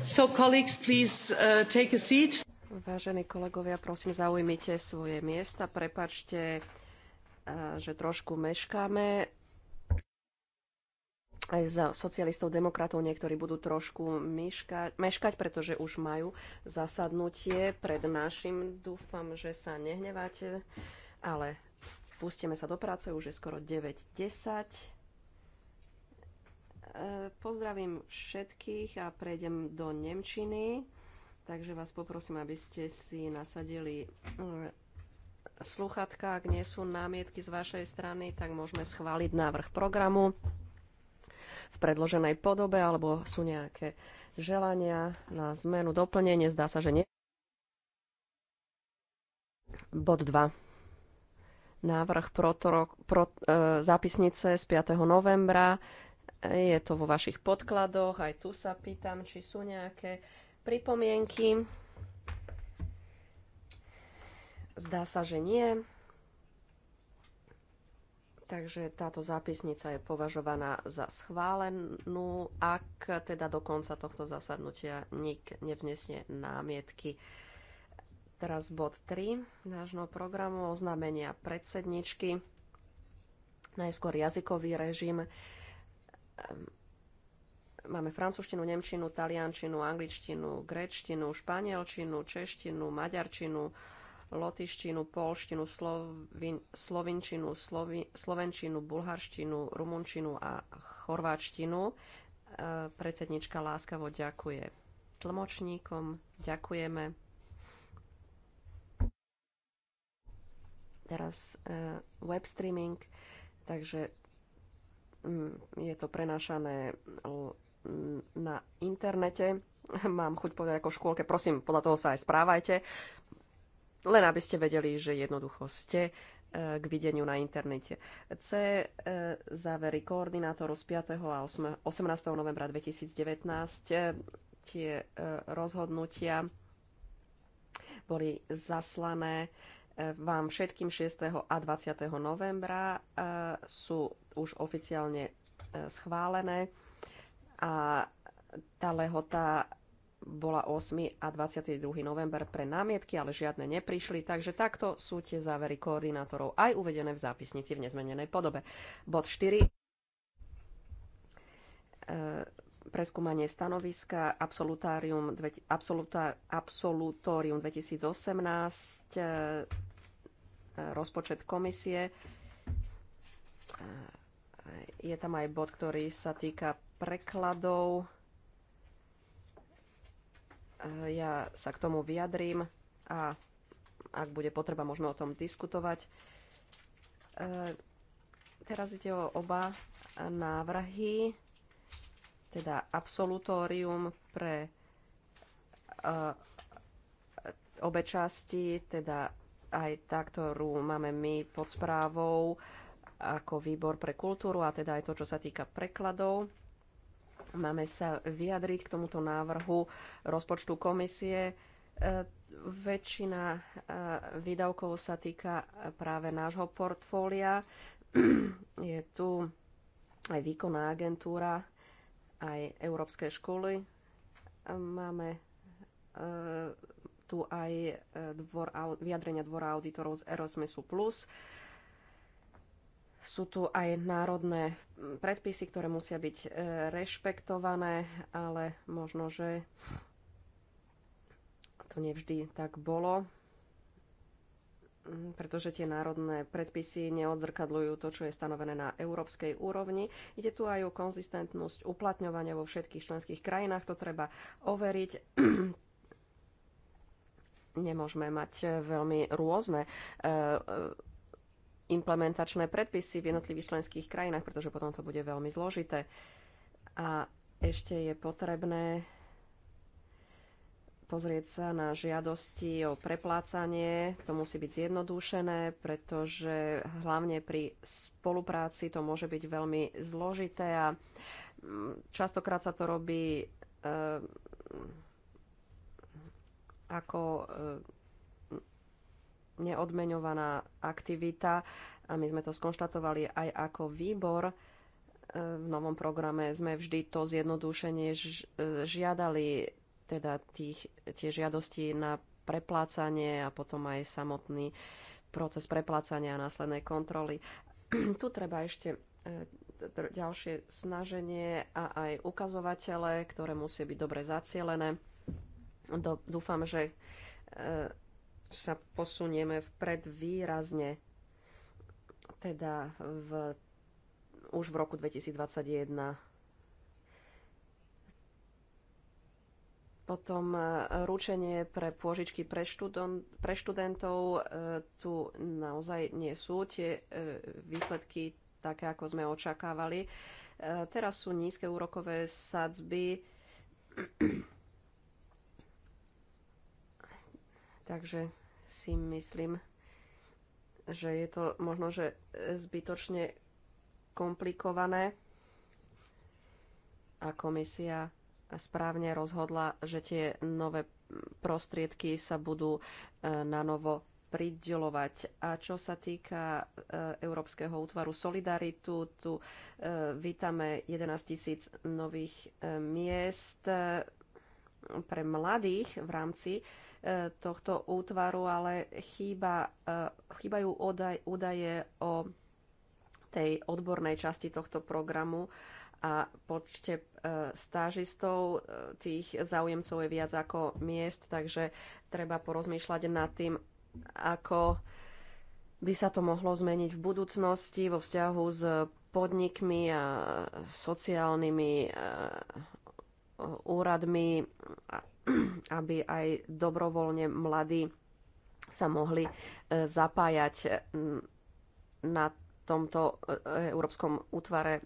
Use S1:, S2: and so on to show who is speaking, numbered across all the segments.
S1: Uh, Vážení kolegovia, prosím, zaujmite svoje miesta. Prepačte, uh, že trošku meškáme. Aj za socialistov, demokratov niektorí budú trošku meškať, meškať, pretože už majú zasadnutie pred našim. Dúfam, že sa nehneváte, ale pustíme sa do práce. Už je skoro 9.10. E, pozdravím všetkých a prejdem do Nemčiny, takže vás poprosím, aby ste si nasadili e, sluchatka. Ak nie sú námietky z vašej strany, tak môžeme schváliť návrh programu v predloženej podobe, alebo sú nejaké želania na zmenu, doplnenie. Zdá sa, že nie. Bod 2 návrh pro, pro, e, zápisnice z 5. novembra. Je to vo vašich podkladoch. Aj tu sa pýtam, či sú nejaké pripomienky. Zdá sa, že nie. Takže táto zápisnica je považovaná za schválenú, ak teda do konca tohto zasadnutia nik nevznesie námietky. Teraz bod 3 nášho programu oznámenia predsedničky. Najskôr jazykový režim. Ehm, máme francúzštinu, nemčinu, taliančinu, angličtinu, gréčtinu, španielčinu, češtinu, maďarčinu, lotištinu, polštinu, slovin, slovinčinu, slovi, slovenčinu, bulharštinu, rumunčinu a chorváčtinu. Ehm, predsednička láskavo ďakuje tlmočníkom. Ďakujeme. Teraz ehm, web streaming, takže Mm, je to prenášané mm, na internete. Mám chuť povedať ako škôlke, prosím, podľa toho sa aj správajte. Len aby ste vedeli, že jednoducho ste e, k videniu na internete. C. E, závery koordinátorov z 5. a 8, 18. novembra 2019. E, tie rozhodnutia boli zaslané vám všetkým 6. a 20. novembra e, sú už oficiálne e, schválené a tá lehota bola 8. a 22. november pre námietky, ale žiadne neprišli, takže takto sú tie závery koordinátorov aj uvedené v zápisnici v nezmenenej podobe. Bod 4. E, preskúmanie stanoviska absolutárium, absolutórium 2018 rozpočet komisie. Je tam aj bod, ktorý sa týka prekladov. Ja sa k tomu vyjadrím a ak bude potreba, môžeme o tom diskutovať. E, teraz ide o oba návrhy, teda absolutórium pre e, obe časti, teda aj tá, ktorú máme my pod správou ako výbor pre kultúru a teda aj to, čo sa týka prekladov. Máme sa vyjadriť k tomuto návrhu rozpočtu komisie. E, väčšina e, výdavkov sa týka práve nášho portfólia. Je tu aj výkonná agentúra, aj európske školy. Máme e, tu aj e, dvor, vyjadrenia dvora auditorov z Erosmesu plus. Sú tu aj národné predpisy, ktoré musia byť e, rešpektované, ale možno, že to nevždy tak bolo pretože tie národné predpisy neodzrkadľujú to, čo je stanovené na európskej úrovni. Ide tu aj o konzistentnosť uplatňovania vo všetkých členských krajinách, to treba overiť nemôžeme mať e, veľmi rôzne e, e, implementačné predpisy v jednotlivých členských krajinách, pretože potom to bude veľmi zložité. A ešte je potrebné pozrieť sa na žiadosti o preplácanie. To musí byť zjednodušené, pretože hlavne pri spolupráci to môže byť veľmi zložité a mm, častokrát sa to robí e, ako e, neodmeňovaná aktivita a my sme to skonštatovali aj ako výbor. E, v novom programe sme vždy to zjednodušenie e, žiadali, teda tých, tie žiadosti na preplácanie a potom aj samotný proces preplácania a následnej kontroly. tu treba ešte ďalšie snaženie a aj ukazovatele, ktoré musia byť dobre zacielené. Dúfam, že e, sa posunieme vpred výrazne, teda v, už v roku 2021. Potom e, ručenie pre pôžičky pre, študon, pre študentov e, tu naozaj nie sú tie výsledky také, ako sme očakávali. Teraz sú nízke úrokové sadzby Takže si myslím, že je to možno, že zbytočne komplikované a komisia správne rozhodla, že tie nové prostriedky sa budú e, na novo pridelovať. A čo sa týka e, Európskeho útvaru Solidaritu, tu e, vítame 11 tisíc nových miest pre mladých v rámci e, tohto útvaru, ale chýba, e, chýbajú údaje o tej odbornej časti tohto programu a počte e, stážistov tých záujemcov je viac ako miest, takže treba porozmýšľať nad tým, ako by sa to mohlo zmeniť v budúcnosti vo vzťahu s podnikmi a sociálnymi úradmi, aby aj dobrovoľne mladí sa mohli e, zapájať na tomto e, Európskom útvare e,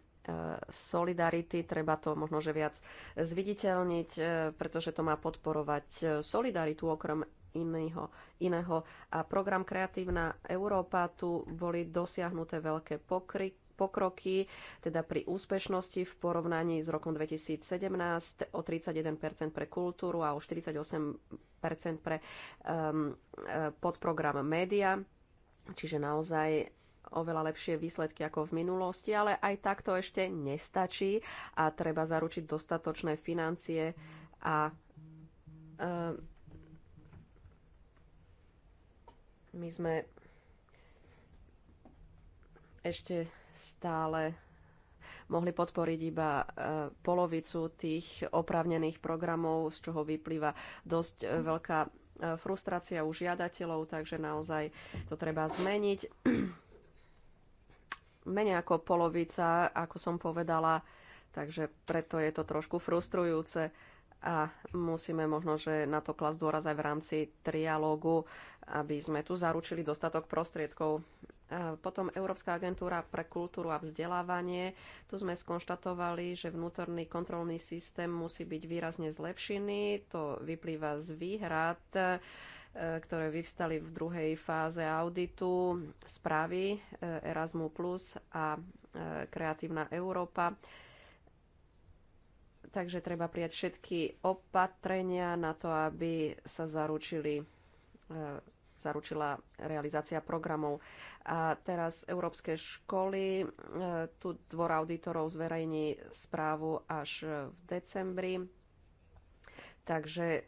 S1: solidarity. Treba to možno, že viac zviditeľniť, pretože to má podporovať solidaritu okrem iného, iného. A program Kreatívna Európa, tu boli dosiahnuté veľké pokry, pokroky, teda pri úspešnosti v porovnaní s rokom 2017 o 31 pre kultúru a o 48 pre um, eh, podprogram média. Čiže naozaj oveľa lepšie výsledky ako v minulosti, ale aj takto ešte nestačí a treba zaručiť dostatočné financie a uh, my sme ešte stále mohli podporiť iba e, polovicu tých oprávnených programov, z čoho vyplýva dosť e, veľká e, frustrácia u žiadateľov, takže naozaj to treba zmeniť. Menej ako polovica, ako som povedala, takže preto je to trošku frustrujúce a musíme možno, že na to klas dôraz aj v rámci trialógu, aby sme tu zaručili dostatok prostriedkov potom Európska agentúra pre kultúru a vzdelávanie. Tu sme skonštatovali, že vnútorný kontrolný systém musí byť výrazne zlepšený. To vyplýva z výhrad, e, ktoré vyvstali v druhej fáze auditu správy e, Erasmus a e, Kreatívna Európa. Takže treba prijať všetky opatrenia na to, aby sa zaručili zaručila realizácia programov. A teraz Európske školy, e, tu dvor auditorov zverejní správu až v decembri. Takže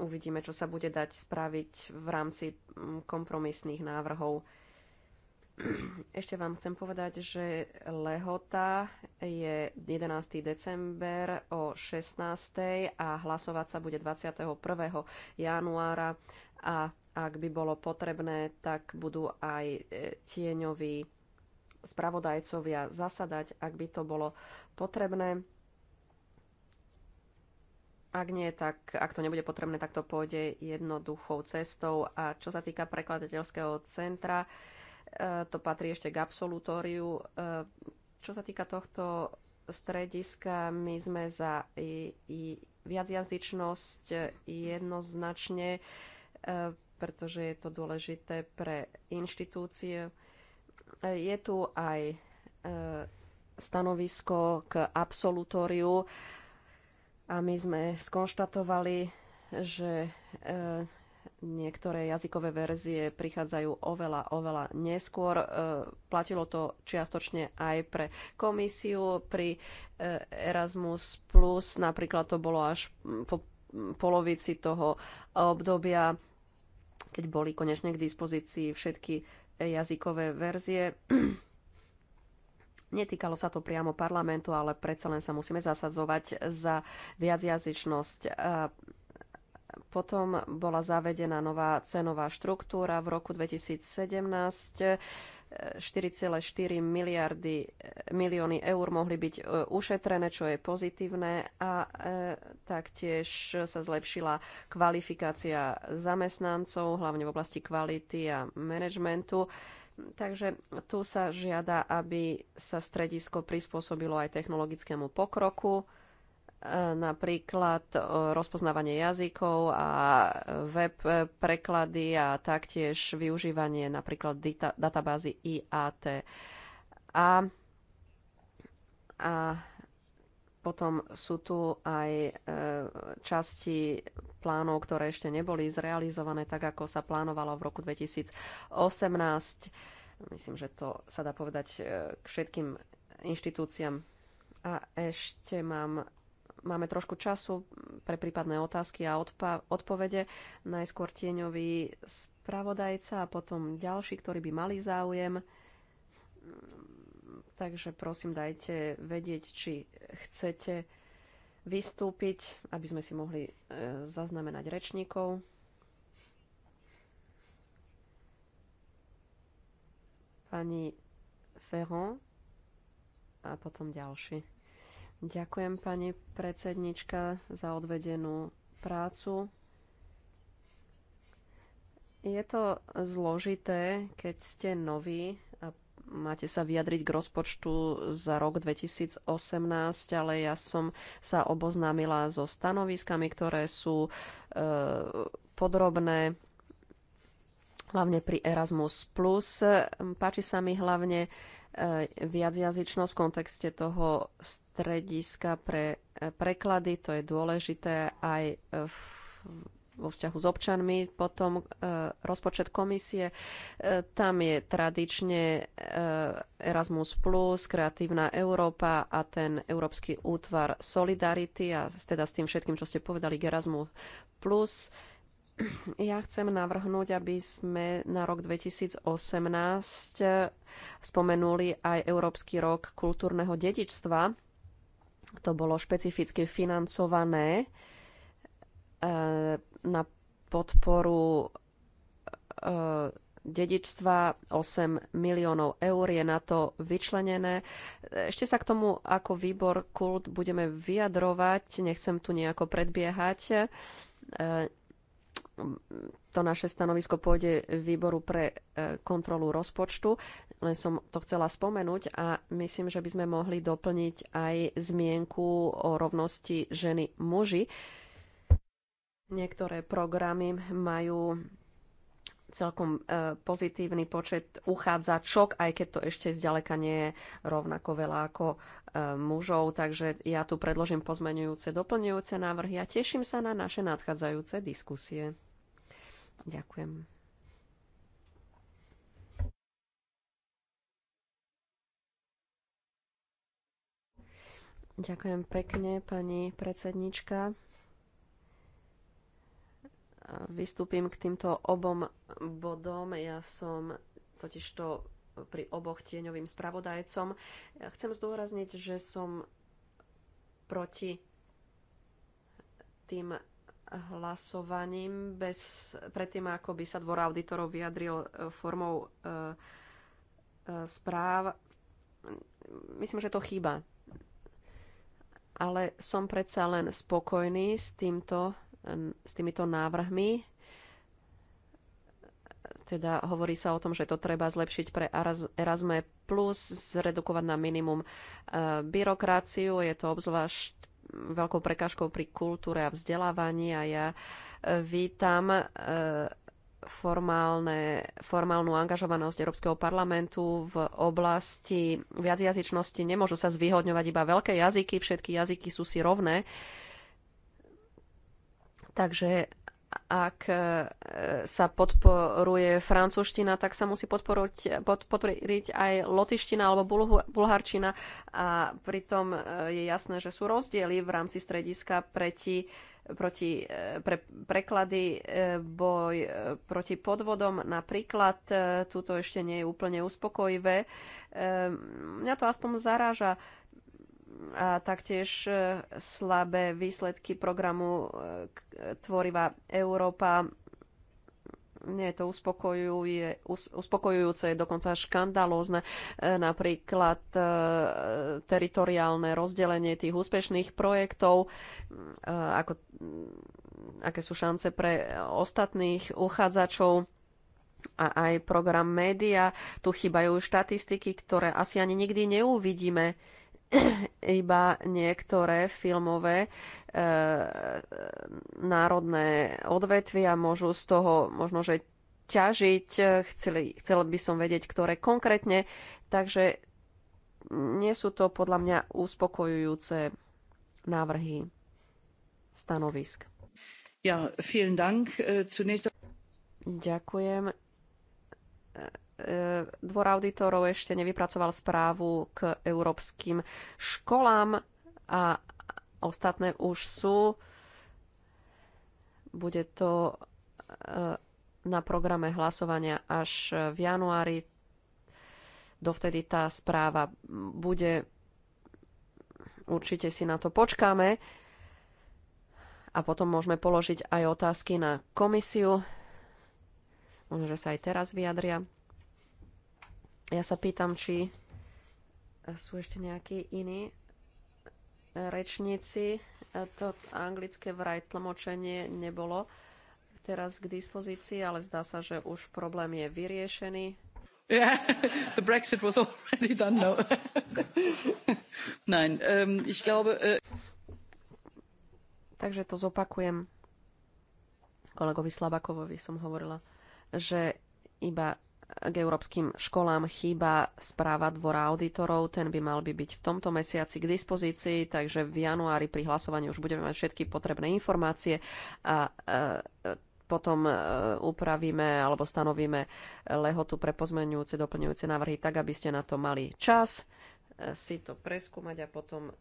S1: uvidíme, čo sa bude dať spraviť v rámci kompromisných návrhov. Ešte vám chcem povedať, že lehota je 11. december o 16. a hlasovať sa bude 21. januára a ak by bolo potrebné, tak budú aj e, tieňoví spravodajcovia zasadať, ak by to bolo potrebné. Ak nie, tak ak to nebude potrebné, tak to pôjde jednoduchou cestou. A čo sa týka prekladateľského centra, e, to patrí ešte k absolutóriu. E, čo sa týka tohto strediska, my sme za i, i viacjazyčnosť jednoznačne pretože je to dôležité pre inštitúcie. E, je tu aj e, stanovisko k absolutóriu a my sme skonštatovali, že e, niektoré jazykové verzie prichádzajú oveľa, oveľa neskôr. Platilo to čiastočne aj pre komisiu. Pri Erasmus Plus napríklad to bolo až po polovici toho obdobia keď boli konečne k dispozícii všetky jazykové verzie. Netýkalo sa to priamo parlamentu, ale predsa len sa musíme zasadzovať za viacjazyčnosť. Potom bola zavedená nová cenová štruktúra v roku 2017. 4,4 miliardy eh, milióny eur mohli byť eh, ušetrené, čo je pozitívne a eh, taktiež sa zlepšila kvalifikácia zamestnancov, hlavne v oblasti kvality a manažmentu. Takže tu sa žiada, aby sa stredisko prispôsobilo aj technologickému pokroku E, napríklad e, rozpoznávanie jazykov a web preklady a taktiež využívanie napríklad databázy IAT. A, a potom sú tu aj e, časti plánov, ktoré ešte neboli zrealizované tak, ako sa plánovalo v roku 2018. Myslím, že to sa dá povedať k všetkým inštitúciám. A ešte mám máme trošku času pre prípadné otázky a odpovede. Najskôr tieňový spravodajca a potom ďalší, ktorí by mali záujem. Takže prosím, dajte vedieť, či chcete vystúpiť, aby sme si mohli e, zaznamenať rečníkov. Pani Ferron a potom ďalší. Ďakujem pani predsednička za odvedenú prácu. Je to zložité, keď ste noví a máte sa vyjadriť k rozpočtu za rok 2018, ale ja som sa oboznámila so stanoviskami, ktoré sú e, podrobné hlavne pri Erasmus+. Páči sa mi hlavne E, viacjazyčnosť v kontexte toho strediska pre e, preklady, to je dôležité aj e, v, vo vzťahu s občanmi. Potom e, rozpočet komisie, e, tam je tradične e, Erasmus+, Kreatívna Európa a ten Európsky útvar Solidarity a teda s tým všetkým, čo ste povedali Erasmus Plus ja chcem navrhnúť, aby sme na rok 2018 spomenuli aj Európsky rok kultúrneho dedičstva. To bolo špecificky financované eh, na podporu eh, dedičstva 8 miliónov eur je na to vyčlenené. Ešte sa k tomu ako výbor kult budeme vyjadrovať, nechcem tu nejako predbiehať. Eh, to naše stanovisko pôjde výboru pre e, kontrolu rozpočtu. Len som to chcela spomenúť a myslím, že by sme mohli doplniť aj zmienku o rovnosti ženy muži. Niektoré programy majú celkom e, pozitívny počet uchádzačok, aj keď to ešte zďaleka nie je rovnako veľa ako e, mužov. Takže ja tu predložím pozmenujúce, doplňujúce návrhy a teším sa na naše nadchádzajúce diskusie. Ďakujem. Ďakujem pekne, pani predsednička. Vystúpim k týmto obom bodom. Ja som totižto pri oboch tieňovým spravodajcom. Ja chcem zdôrazniť, že som proti tým hlasovaním bez, predtým, ako by sa dvor auditorov vyjadril e, formou e, e, správ. Myslím, že to chýba. Ale som predsa len spokojný s týmto s týmito návrhmi. Teda hovorí sa o tom, že to treba zlepšiť pre Erasme+, plus, zredukovať na minimum eh, byrokraciu. Je to obzvlášť veľkou prekážkou pri kultúre a vzdelávaní a ja eh, vítam eh, formálne, formálnu angažovanosť Európskeho parlamentu v oblasti viacjazyčnosti. Nemôžu sa zvýhodňovať iba veľké jazyky, všetky jazyky sú si rovné. Uh, Takže ak e, sa podporuje francúzština, tak sa musí podporiť, podporiť aj lotiština alebo bulharčina. A pritom e, je jasné, že sú rozdiely v rámci strediska preti, proti e, pre, preklady, boj proti podvodom napríklad. Tuto ešte nie je úplne uspokojivé. Mňa to aspoň zaráža a taktiež e, slabé výsledky programu e, Tvorivá Európa. Nie je to uspokojuje, uspokojujúce, dokonca škandalózne. E, napríklad teritoriálne rozdelenie tých úspešných projektov, ako, aké sú šance pre ostatných uchádzačov a aj program média. Tu chýbajú štatistiky, ktoré asi ani nikdy neuvidíme. iba niektoré filmové e, národné odvetvia môžu z toho možno, že ťažiť. Chceli, chcel by som vedieť, ktoré konkrétne. Takže nie sú to podľa mňa uspokojujúce návrhy stanovisk. Ja, vielen Dank. Eh, zunächst... Ďakujem E, dvor auditorov ešte nevypracoval správu k európskym školám a ostatné už sú. Bude to e, na programe hlasovania až v januári. Dovtedy tá správa bude. Určite si na to počkáme. A potom môžeme položiť aj otázky na komisiu. Možno, že sa aj teraz vyjadria. Ja sa pýtam, či sú ešte nejakí iní rečníci. To anglické vraj tlmočenie nebolo teraz k dispozícii, ale zdá sa, že už problém je vyriešený.
S2: Yeah, the Brexit was already done no. Nein, um, ich glaube... Uh...
S1: Takže to zopakujem. Kolegovi Slabakovovi som hovorila, že iba k európskym školám chýba správa dvora auditorov, ten by mal by byť v tomto mesiaci k dispozícii, takže v januári pri hlasovaní už budeme mať všetky potrebné informácie a e, potom e, upravíme alebo stanovíme lehotu pre pozmenujúce, doplňujúce návrhy, tak aby ste na to mali čas e, si to preskúmať a potom e,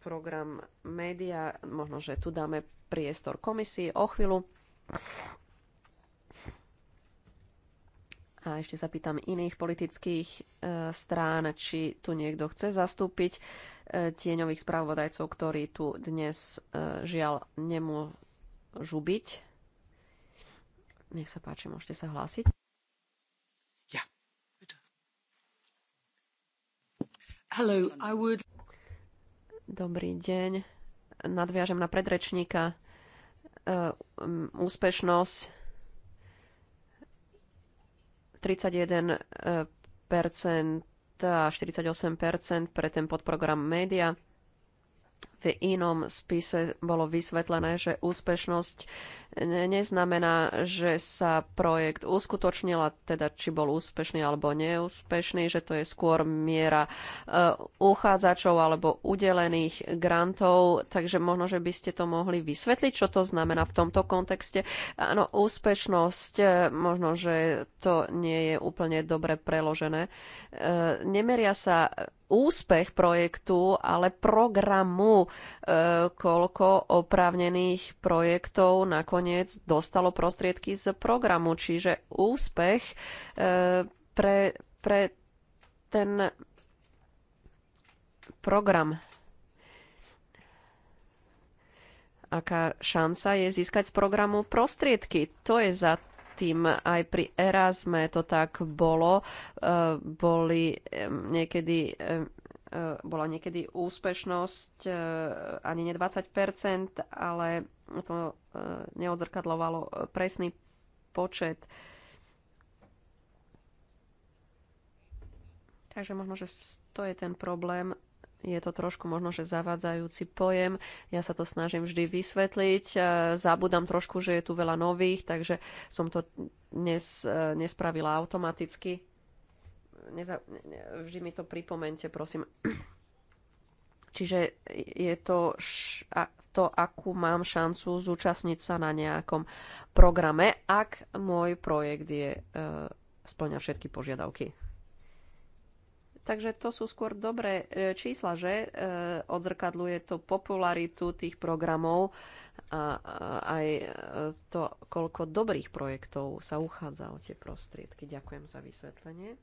S1: program média, možno, že tu dáme priestor komisii o chvíľu. A ešte sa pýtam iných politických e, strán, či tu niekto chce zastúpiť e, tieňových spravodajcov, ktorí tu dnes e, žiaľ nemôžu byť. Nech sa páči, môžete sa hlásiť. Hello, I would... Dobrý deň. Nadviažem na predrečníka. úspešnosť 31 eh, a 48 pre ten podprogram média. V inom spise bolo vysvetlené, že úspešnosť neznamená, že sa projekt uskutočnila, teda či bol úspešný alebo neúspešný, že to je skôr miera eh, uchádzačov alebo udelených grantov, takže možno, že by ste to mohli vysvetliť, čo to znamená v tomto kontexte. Áno, úspešnosť, eh, možno, že to nie je úplne dobre preložené. Eh, nemeria sa úspech projektu, ale programu E, koľko oprávnených projektov nakoniec dostalo prostriedky z programu. Čiže úspech e, pre, pre ten program. Aká šanca je získať z programu prostriedky? To je za tým aj pri Erasme to tak bolo. E, boli niekedy Eh, bola niekedy úspešnosť eh, ani ne 20%, ale to eh, neodzrkadlovalo presný počet. Takže možno, že to je ten problém. Je to trošku možno, že zavádzajúci pojem. Ja sa to snažím vždy vysvetliť. Zabudám trošku, že je tu veľa nových, takže som to dnes nespravila automaticky neza, vždy mi to pripomente, prosím. Čiže je to to, akú mám šancu zúčastniť sa na nejakom programe, ak môj projekt je, e, splňa všetky požiadavky. Takže to sú skôr dobré e, čísla, že e, odzrkadluje to popularitu tých programov a, a aj e, to, koľko dobrých projektov sa uchádza o tie prostriedky. Ďakujem za vysvetlenie.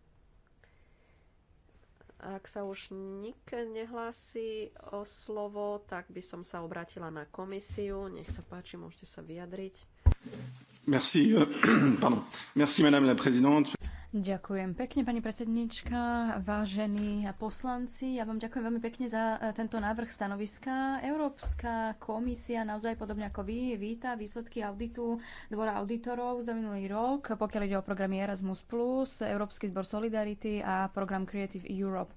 S1: Ak sa už nik nehlási o slovo, tak by som sa obrátila na komisiu. Nech sa páči, môžete sa vyjadriť.
S3: Merci, euh, pardon. Merci, madame la présidente.
S2: Ďakujem pekne, pani predsednička, vážení poslanci. Ja vám ďakujem veľmi pekne za e, tento návrh stanoviska. Európska komisia naozaj podobne ako vy víta výsledky auditu Dvora auditorov za minulý rok, pokiaľ ide o programy Erasmus+, Európsky zbor Solidarity a program Creative Europe.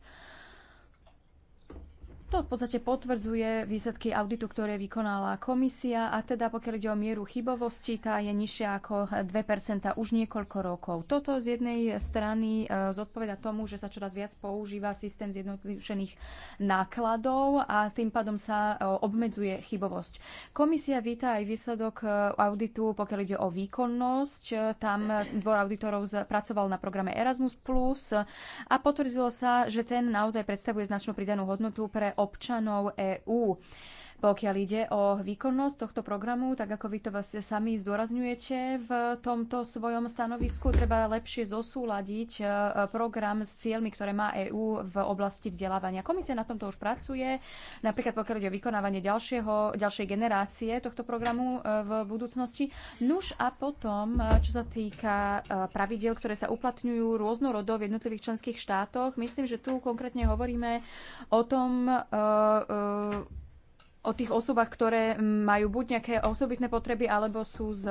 S2: To v podstate potvrdzuje výsledky auditu, ktoré vykonala komisia a teda pokiaľ ide o mieru chybovosti, tá je nižšia ako 2% už niekoľko rokov. Toto z jednej strany e, zodpoveda tomu, že sa čoraz viac používa systém zjednodušených nákladov a tým pádom sa e, obmedzuje chybovosť. Komisia víta aj výsledok e, auditu, pokiaľ ide o výkonnosť. Tam dvor auditorov pracoval na programe Erasmus+, a potvrdilo sa, že ten naozaj predstavuje značnú pridanú hodnotu pre občanov EÚ. Pokiaľ ide o výkonnosť tohto programu, tak ako vy to vlastne sami zdôrazňujete v tomto svojom stanovisku, treba lepšie zosúľadiť e, program s cieľmi, ktoré má EÚ v oblasti vzdelávania. Komisia na tomto už pracuje, napríklad pokiaľ ide o vykonávanie ďalšieho, ďalšej generácie tohto programu e, v budúcnosti. Nuž a potom, e, čo sa týka pravidiel, ktoré sa uplatňujú rôznorodo v jednotlivých členských štátoch, myslím, že tu konkrétne hovoríme o tom, o tých osobách, ktoré majú buď nejaké osobitné potreby, alebo sú z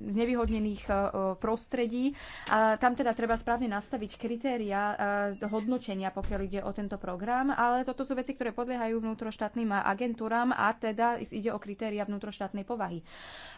S2: nevyhodnených e, prostredí. A tam teda treba správne nastaviť kritéria e, hodnotenia, pokiaľ ide o tento program, ale toto sú veci, ktoré podliehajú vnútroštátnym agentúram a teda ide o kritéria vnútroštátnej povahy.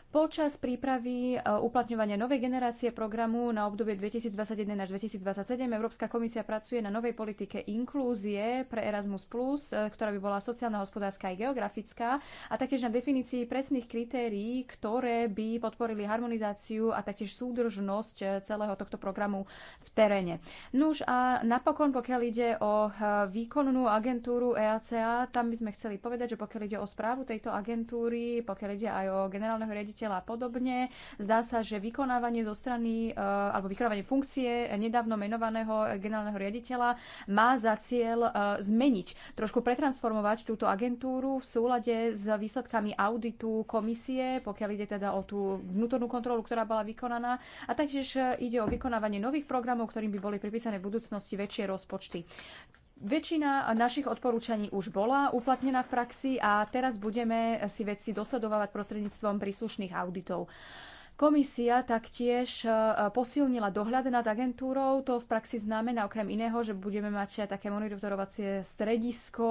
S2: Počas prípravy eh, uplatňovania novej generácie programu na obdobie 2021 až 2027 Európska komisia pracuje na novej politike inklúzie pre Erasmus+, eh, ktorá by bola sociálna, hospodárska aj geografická a taktiež na definícii presných kritérií, ktoré by podporili harmonizáciu a taktiež súdržnosť eh, celého tohto programu v teréne. Nuž a napokon, pokiaľ ide o výkonnú agentúru EACA, tam by sme chceli povedať, že pokiaľ ide o správu tejto agentúry, pokiaľ ide aj o generálneho riaditeľa, riaditeľa a podobne. Zdá sa, že vykonávanie zo strany e, alebo vykonávanie funkcie nedávno menovaného generálneho riaditeľa má za cieľ e, zmeniť, trošku pretransformovať túto agentúru v súlade s výsledkami auditu komisie, pokiaľ ide teda o tú vnútornú kontrolu, ktorá bola vykonaná. A taktiež e, ide o vykonávanie nových programov, ktorým by boli pripísané v budúcnosti väčšie rozpočty. Väčšina našich odporúčaní už bola uplatnená v praxi a teraz budeme si veci dosledovať prostredníctvom príslušných auditov. Komisia taktiež e, posilnila dohľad nad agentúrou. To v praxi znamená okrem iného, že budeme mať aj také monitorovacie stredisko,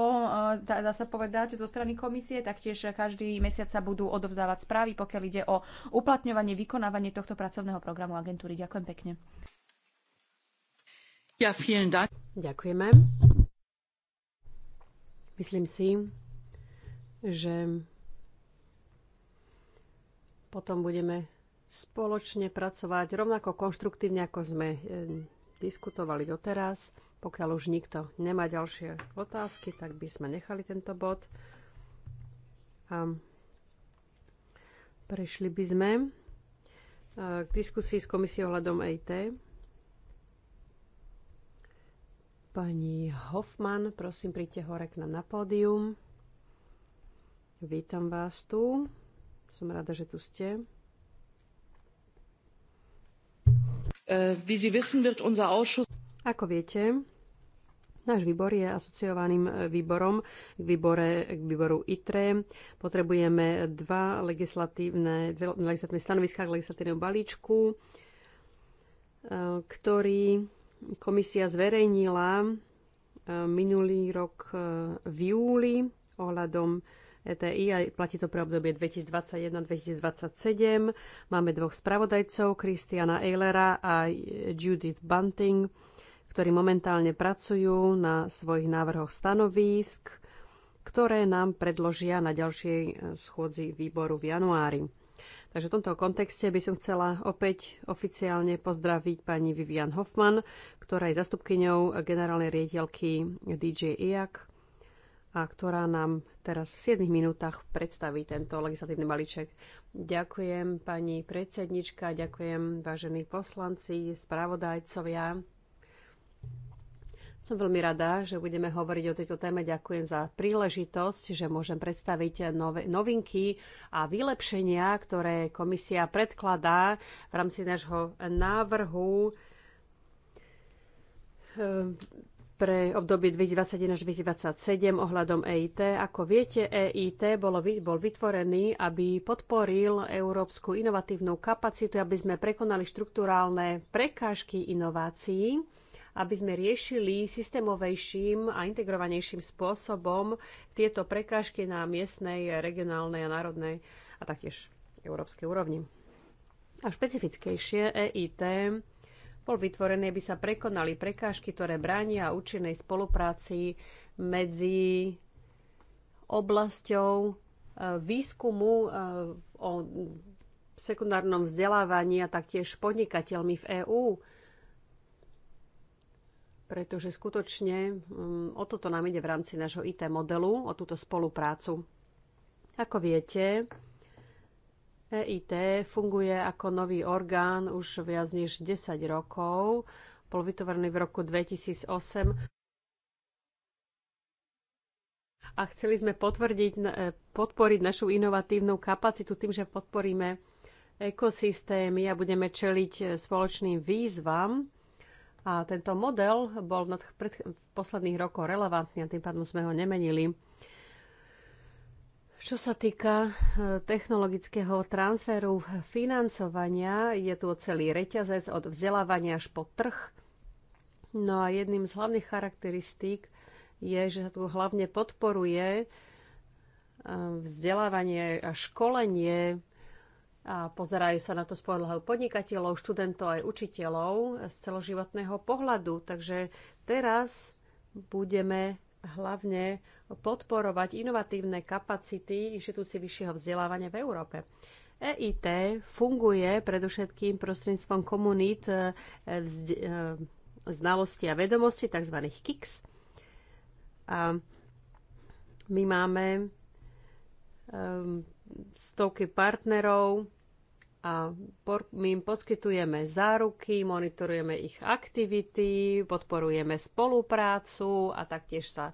S2: e, dá sa povedať, zo strany komisie. Taktiež každý mesiac sa budú odovzdávať správy, pokiaľ ide o uplatňovanie, vykonávanie tohto pracovného programu
S3: agentúry. Ďakujem pekne. Ja, vielen Dank. Ďakujeme. Myslím si, že potom budeme spoločne pracovať rovnako konštruktívne, ako sme e, diskutovali doteraz. Pokiaľ už nikto nemá ďalšie otázky, tak by sme nechali tento bod. A prešli by sme e, k diskusii s komisiou hľadom EIT. Pani Hoffman, prosím, príďte hore k nám na pódium. Vítam vás tu. Som rada, že tu ste. Äh, Ako viete, náš výbor je asociovaným äh, výborom k, výbore, k výboru ITRE. Potrebujeme dva legislatívne, dve legislatívne stanoviská k legislatívnemu balíčku, äh, ktorý Komisia zverejnila e, minulý rok e, v júli ohľadom ETI a platí to pre obdobie 2021-2027. Máme dvoch spravodajcov, Kristiana Eilera a Judith Bunting, ktorí momentálne pracujú na svojich návrhoch stanovísk, ktoré nám predložia na ďalšej e, schôdzi výboru v januári. Takže v tomto kontexte by som chcela opäť oficiálne pozdraviť pani Vivian Hoffman, ktorá je zastupkyňou generálnej riediteľky DJ IAC a ktorá nám teraz v 7 minútach predstaví tento legislatívny balíček. Ďakujem pani predsednička, ďakujem vážení poslanci, spravodajcovia. Som veľmi rada, že budeme hovoriť o tejto téme. Ďakujem za príležitosť, že môžem predstaviť nové, novinky a vylepšenia, ktoré komisia predkladá v rámci nášho návrhu eh, pre obdobie 2021 až 2027 ohľadom EIT. Ako viete, EIT bolo, bol vytvorený, aby podporil európsku inovatívnu kapacitu, aby sme prekonali štruktúrálne prekážky inovácií aby sme riešili systémovejším a integrovanejším spôsobom tieto prekážky na miestnej, regionálnej a národnej a taktiež európskej úrovni. A špecifickejšie EIT bol vytvorený, aby sa prekonali prekážky, ktoré bránia účinnej spolupráci medzi oblasťou e, výskumu e, o sekundárnom vzdelávaní a taktiež podnikateľmi v EÚ pretože skutočne mm, o toto nám ide v rámci nášho IT modelu, o túto spoluprácu. Ako viete, EIT funguje ako nový orgán už viac než 10 rokov. Bol vytvorený v roku 2008 a chceli sme potvrdiť, e, podporiť našu inovatívnu kapacitu tým, že podporíme ekosystémy a budeme čeliť e, spoločným výzvam a tento model bol v, pred, v posledných rokoch relevantný a tým pádom sme ho nemenili. Čo sa týka e, technologického transferu financovania, je tu celý reťazec od vzdelávania až po trh. No a jedným z hlavných charakteristík je, že sa tu hlavne podporuje e, vzdelávanie a školenie a pozerajú sa na to z podnikateľov, študentov aj učiteľov z celoživotného pohľadu. Takže teraz budeme hlavne podporovať inovatívne kapacity inštitúcií vyššieho vzdelávania v Európe. EIT funguje predovšetkým prostredníctvom komunít e, e, znalosti a vedomosti, tzv. KICS. A my máme e, stovky partnerov, a my im poskytujeme záruky, monitorujeme ich aktivity, podporujeme spoluprácu a taktiež sa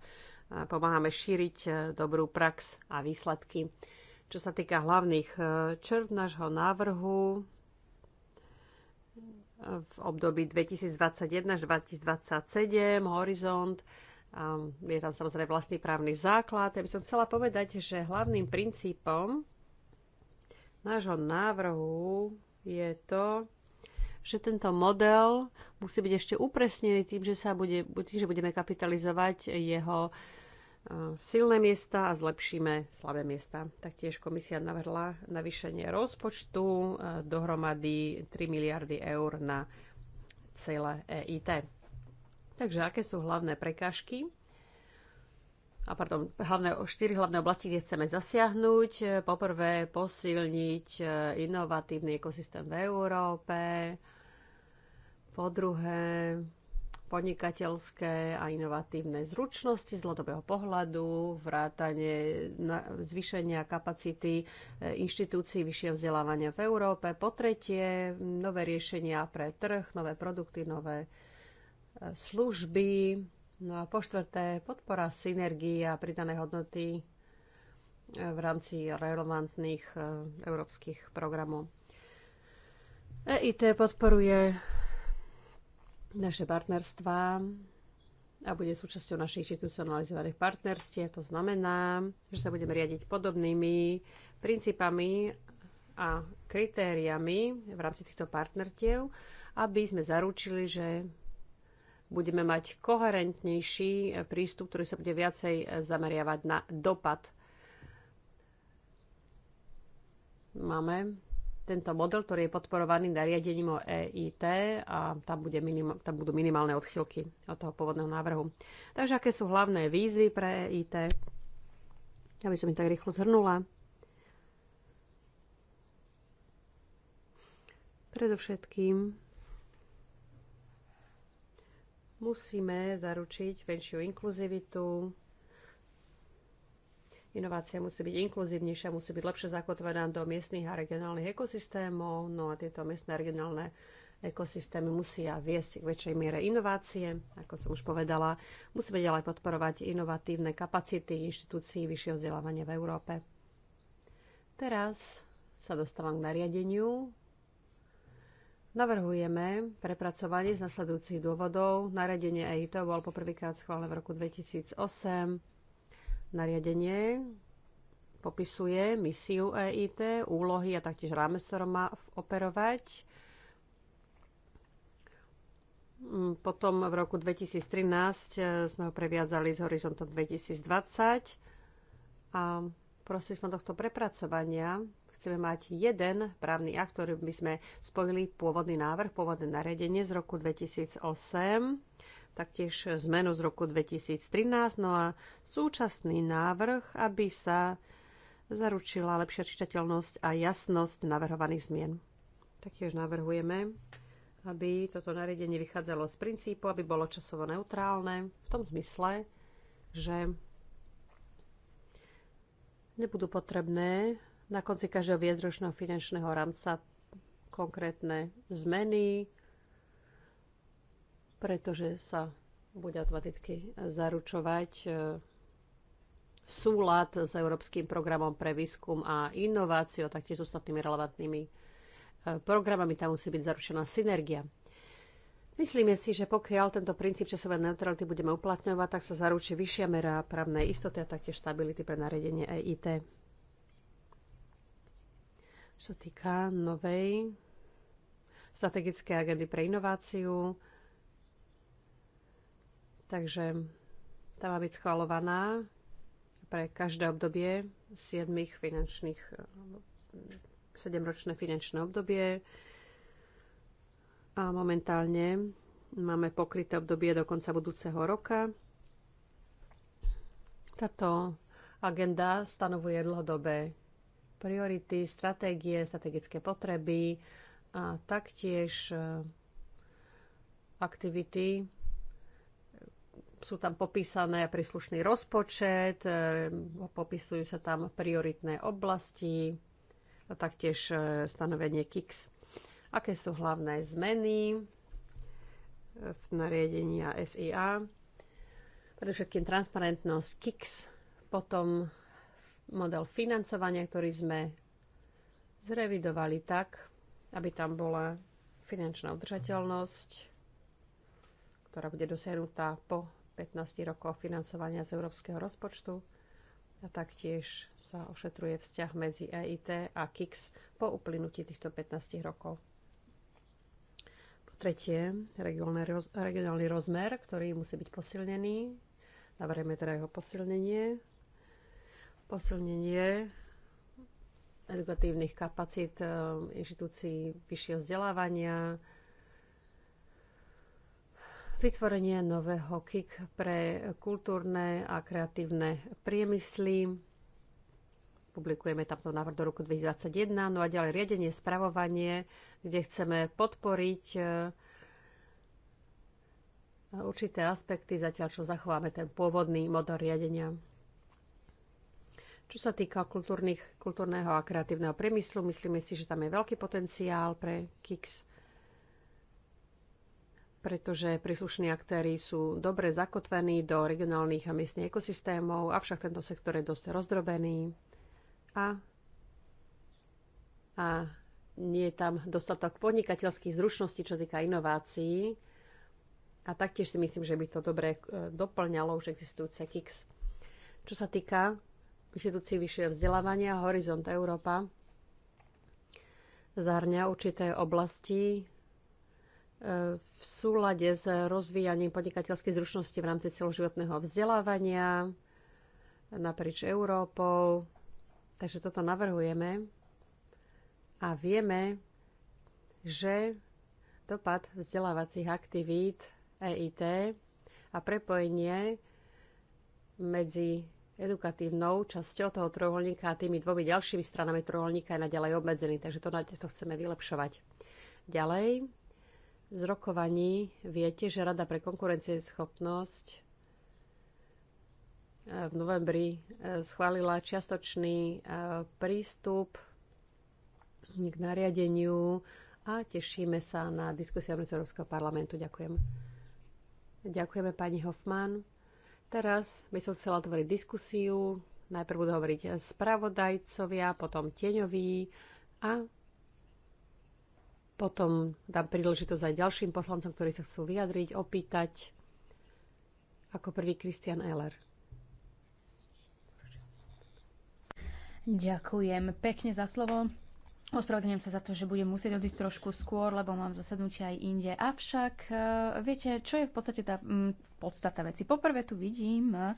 S3: pomáhame šíriť e, dobrú prax a výsledky. Čo sa týka hlavných e, črt nášho návrhu, v období 2021-2027, horizont. Je tam samozrejme vlastný právny základ. Ja by som chcela povedať, že hlavným princípom nášho návrhu je to, že tento model musí byť ešte upresnený tým, že, sa bude, tým, že budeme kapitalizovať jeho e, silné miesta a zlepšíme slabé miesta. Taktiež komisia navrhla navýšenie rozpočtu e, dohromady 3 miliardy eur na celé EIT. Takže aké sú hlavné prekážky a pardon, hlavné, štyri hlavné oblasti, kde chceme zasiahnuť. Poprvé posilniť e, inovatívny ekosystém v Európe. Po druhé, podnikateľské a inovatívne zručnosti z dlhodobého pohľadu, vrátanie zvýšenia kapacity e, inštitúcií vyššieho vzdelávania v Európe. Po tretie, nové riešenia pre trh, nové produkty, nové e, služby, No a po štvrté, podpora synergií a pridanej hodnoty e, v rámci relevantných e, európskych programov. EIT podporuje naše partnerstvá a bude súčasťou našich institucionalizovaných partnerstiev. To znamená, že sa budeme riadiť podobnými princípami a kritériami v rámci týchto partnertiev, aby sme zaručili, že budeme mať koherentnejší prístup, ktorý sa bude viacej zameriavať na dopad. Máme tento model, ktorý je podporovaný nariadením o EIT a tam, bude minim, tam budú minimálne odchylky od toho pôvodného návrhu. Takže aké sú hlavné výzvy pre EIT? Ja by som ich tak rýchlo zhrnula. Predovšetkým Musíme zaručiť väčšiu inkluzivitu. Inovácia musí byť inkluzívnejšia, musí byť lepšie zakotvená do miestnych a regionálnych ekosystémov. No a tieto miestne a regionálne ekosystémy musia viesť k väčšej miere inovácie, ako som už povedala. Musíme ďalej podporovať inovatívne kapacity inštitúcií vyššieho vzdelávania v Európe. Teraz sa dostávam k nariadeniu, Navrhujeme prepracovanie z nasledujúcich dôvodov. Nariadenie EITO bol poprvýkrát schválené v roku 2008. Nariadenie popisuje misiu EIT, úlohy a taktiež rámec, ktorom má operovať. Mm, potom v roku 2013 eh, sme ho previazali s horizontom 2020 a prosili sme tohto prepracovania Chceme mať jeden právny akt, ktorý by sme spojili pôvodný návrh, pôvodné nariadenie z roku 2008, taktiež zmenu z roku 2013, no a súčasný návrh, aby sa zaručila lepšia čitateľnosť a jasnosť navrhovaných zmien. Taktiež navrhujeme, aby toto nariadenie vychádzalo z princípu, aby bolo časovo neutrálne, v tom zmysle, že nebudú potrebné na konci každého viezročného finančného rámca konkrétne zmeny, pretože sa bude automaticky zaručovať e, súlad s Európskym programom pre výskum a inováciu, taktiež s ostatnými relevantnými e, programami. Tam musí byť zaručená synergia. Myslíme si, že pokiaľ tento princíp časovej neutrality budeme uplatňovať, tak sa zaručí vyššia mera právnej istoty a taktiež stability pre nariadenie EIT čo sa týka novej strategickej agendy pre inováciu. Takže tá má byť schvalovaná pre každé obdobie 7 finančných 7-ročné finančné obdobie a momentálne máme pokryté obdobie do konca budúceho roka. Táto agenda stanovuje dlhodobé priority, stratégie, strategické potreby a taktiež e, aktivity. Sú tam popísané príslušný rozpočet, e, popisujú sa tam prioritné oblasti a taktiež e, stanovenie KIX. Aké sú hlavné zmeny v nariadení SIA? Predovšetkým transparentnosť KIX, potom model financovania, ktorý sme zrevidovali tak, aby tam bola finančná udržateľnosť, ktorá bude dosiahnutá po 15 rokoch financovania z európskeho rozpočtu a taktiež sa ošetruje vzťah medzi EIT a KIX po uplynutí týchto 15 rokov. Po tretie, roz, regionálny rozmer, ktorý musí byť posilnený. Navrieme teda jeho posilnenie posilnenie edukatívnych kapacít eh, inštitúcií vyššieho vzdelávania, vytvorenie nového KIK pre kultúrne a kreatívne priemysly. Publikujeme tamto návrh do roku 2021. No a ďalej riadenie, spravovanie, kde chceme podporiť eh, určité aspekty, zatiaľ čo zachováme ten pôvodný model riadenia. Čo sa týka kultúrnych, kultúrneho a kreatívneho priemyslu, myslíme si, že tam je veľký potenciál pre KIX, pretože príslušní aktéry sú dobre zakotvení do regionálnych a miestnych ekosystémov, avšak tento sektor je dosť rozdrobený a, a nie je tam dostatok podnikateľských zručností, čo týka inovácií. A taktiež si myslím, že by to dobre eh, doplňalo už existujúce KIX. Čo sa týka inštitúcií vyššieho vzdelávania Horizont Európa zahrňa určité oblasti e, v súlade s rozvíjaním podnikateľských zručností v rámci celoživotného vzdelávania naprieč Európou. Takže toto navrhujeme a vieme, že dopad vzdelávacích aktivít EIT a prepojenie medzi edukatívnou časťou toho trojuholníka a tými dvomi ďalšími stranami trojuholníka je naďalej obmedzený, takže to, to chceme vylepšovať. Ďalej, z rokovaní viete, že Rada pre konkurencieschopnosť eh, v novembri eh, schválila čiastočný eh, prístup k nariadeniu a tešíme sa na diskusiu Európskeho parlamentu. Ďakujem. Ďakujeme pani Hoffman. Teraz by som chcela otvoriť diskusiu. Najprv budú hovoriť spravodajcovia, potom tieňoví a potom dám príležitosť aj ďalším poslancom, ktorí sa chcú vyjadriť, opýtať. Ako prvý Kristian Eller. Ďakujem
S2: pekne za slovo. Ospravedlňujem sa za to, že budem musieť odísť trošku skôr, lebo mám zasadnutie aj inde. Avšak, e, viete, čo je v podstate tá m, podstata veci? Poprvé tu vidím, e,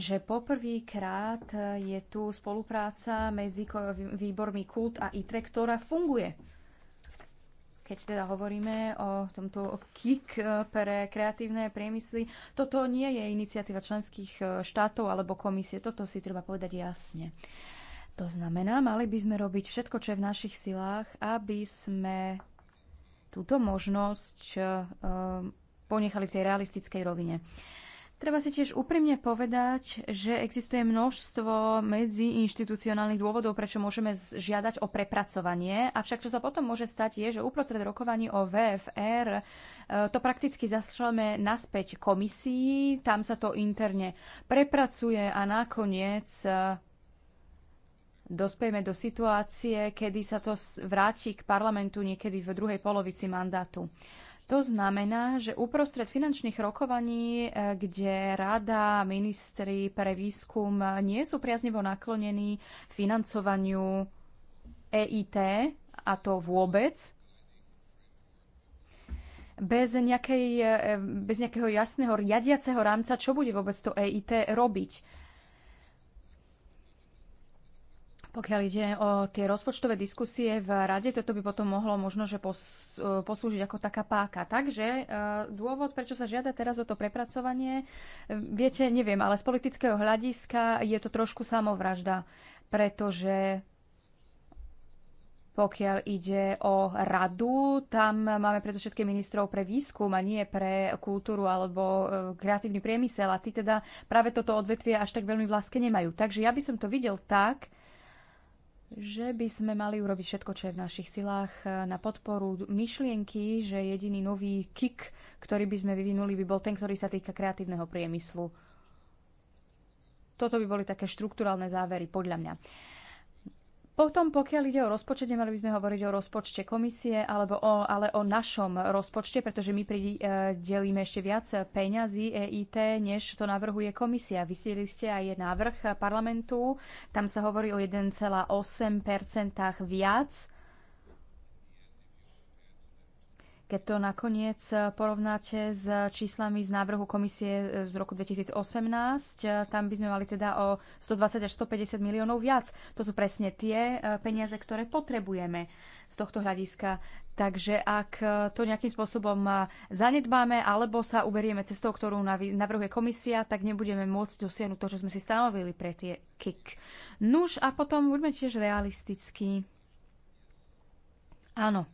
S2: že poprvýkrát je tu spolupráca medzi výbormi KULT a ITRE, ktorá funguje. Keď teda hovoríme o tomto KIK e, pre kreatívne priemysly, toto nie je iniciatíva členských štátov alebo komisie, toto si treba povedať jasne. To znamená, mali by sme robiť všetko, čo je v našich silách, aby sme túto možnosť e, ponechali v tej realistickej rovine. Treba si tiež úprimne povedať, že existuje množstvo inštitucionálnych dôvodov, prečo môžeme žiadať o prepracovanie, avšak čo sa potom môže stať je, že uprostred rokovaní o VFR e, to prakticky zašleme naspäť komisii, tam sa to interne prepracuje a nakoniec e, dospejeme do situácie, kedy sa to vráti k parlamentu niekedy v druhej polovici mandátu. To znamená, že uprostred finančných rokovaní, e, kde rada, ministri pre výskum nie sú priaznivo naklonení financovaniu EIT, a to vôbec, bez, nejakej, e, bez nejakého jasného riadiaceho rámca, čo bude vôbec to EIT robiť Pokiaľ ide o tie rozpočtové diskusie v rade, toto by potom mohlo možno že e, poslúžiť ako taká páka. Takže e, dôvod, prečo sa žiada teraz o to prepracovanie, e, viete, neviem, ale z politického hľadiska je to trošku samovražda, pretože pokiaľ ide o radu, tam máme predovšetkým ministrov pre výskum a nie pre kultúru alebo kreatívny priemysel a tí teda práve toto odvetvie až tak veľmi vlastne nemajú. Takže ja by som to videl tak, že by sme mali urobiť všetko, čo je v našich silách e, na podporu myšlienky, že jediný nový kick, ktorý by sme vyvinuli, by bol ten, ktorý sa týka kreatívneho priemyslu. Toto by boli také štruktúralne závery, podľa mňa. Potom, pokiaľ ide o rozpočet, nemali by sme hovoriť o rozpočte komisie, alebo o, ale o našom rozpočte, pretože my pridelíme e, ešte viac peňazí EIT, než to navrhuje komisia. Vysielili ste aj návrh parlamentu, tam sa hovorí o 1,8% viac Keď to nakoniec porovnáte s číslami z návrhu komisie z roku 2018, tam by sme mali teda o 120 až 150 miliónov viac. To sú presne tie eh, peniaze, ktoré potrebujeme z tohto hľadiska. Takže ak to nejakým spôsobom eh, zanedbáme alebo sa uberieme cestou, ktorú navrhuje komisia, tak nebudeme môcť dosiahnuť to, čo sme si stanovili pre tie KIK. Nuž a potom budeme tiež realistickí. Áno.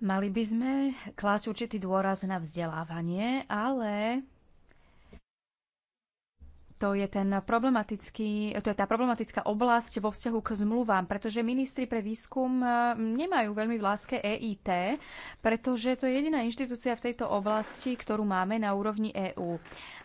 S2: Mali by sme klásť určitý dôraz na vzdelávanie, ale to je, ten problematický, to je tá problematická oblasť vo vzťahu k zmluvám, pretože ministri pre výskum e, nemajú veľmi v láske EIT, pretože to je jediná inštitúcia v tejto oblasti, ktorú máme na úrovni EÚ.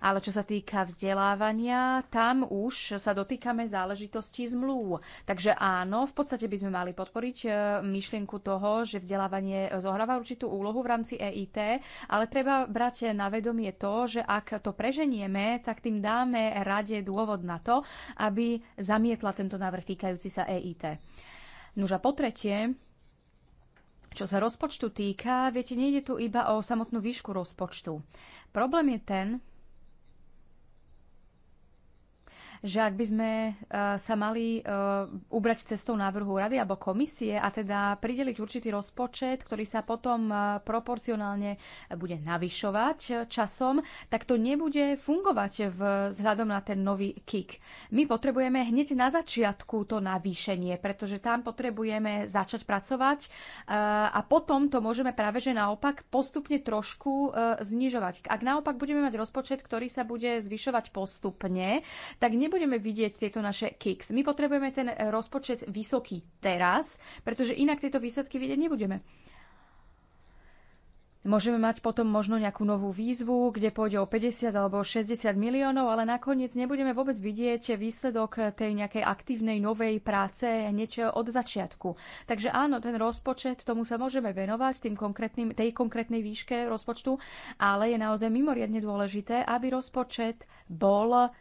S2: Ale čo sa týka vzdelávania, tam už sa dotýkame záležitosti zmluv. Takže áno, v podstate by sme mali podporiť e, myšlienku toho, že vzdelávanie zohráva určitú úlohu v rámci EIT, ale treba brať na vedomie to, že ak to preženieme, tak tým dáme rade dôvod na to, aby zamietla tento návrh týkajúci sa EIT. Nuž a po tretie, čo sa rozpočtu týka, viete, nejde tu iba o samotnú výšku rozpočtu. Problém je ten, že ak by sme e, sa mali e, ubrať cestou návrhu rady alebo komisie a teda prideliť určitý rozpočet, ktorý sa potom e, proporcionálne bude navyšovať časom, tak to nebude fungovať vzhľadom na ten nový kick. My potrebujeme hneď na začiatku to navýšenie, pretože tam potrebujeme začať pracovať a potom to môžeme práve že naopak postupne trošku znižovať. Ak naopak budeme mať rozpočet, ktorý sa bude zvyšovať postupne, tak nebude nebudeme vidieť tieto naše kicks. My potrebujeme ten rozpočet vysoký teraz, pretože inak tieto výsledky vidieť nebudeme. Môžeme mať potom možno nejakú novú výzvu, kde pôjde o 50 alebo 60 miliónov, ale nakoniec nebudeme vôbec vidieť výsledok tej nejakej aktívnej novej práce niečo od začiatku. Takže áno, ten rozpočet, tomu sa môžeme venovať, tým konkrétnym, tej konkrétnej výške rozpočtu, ale je naozaj mimoriadne dôležité, aby rozpočet bol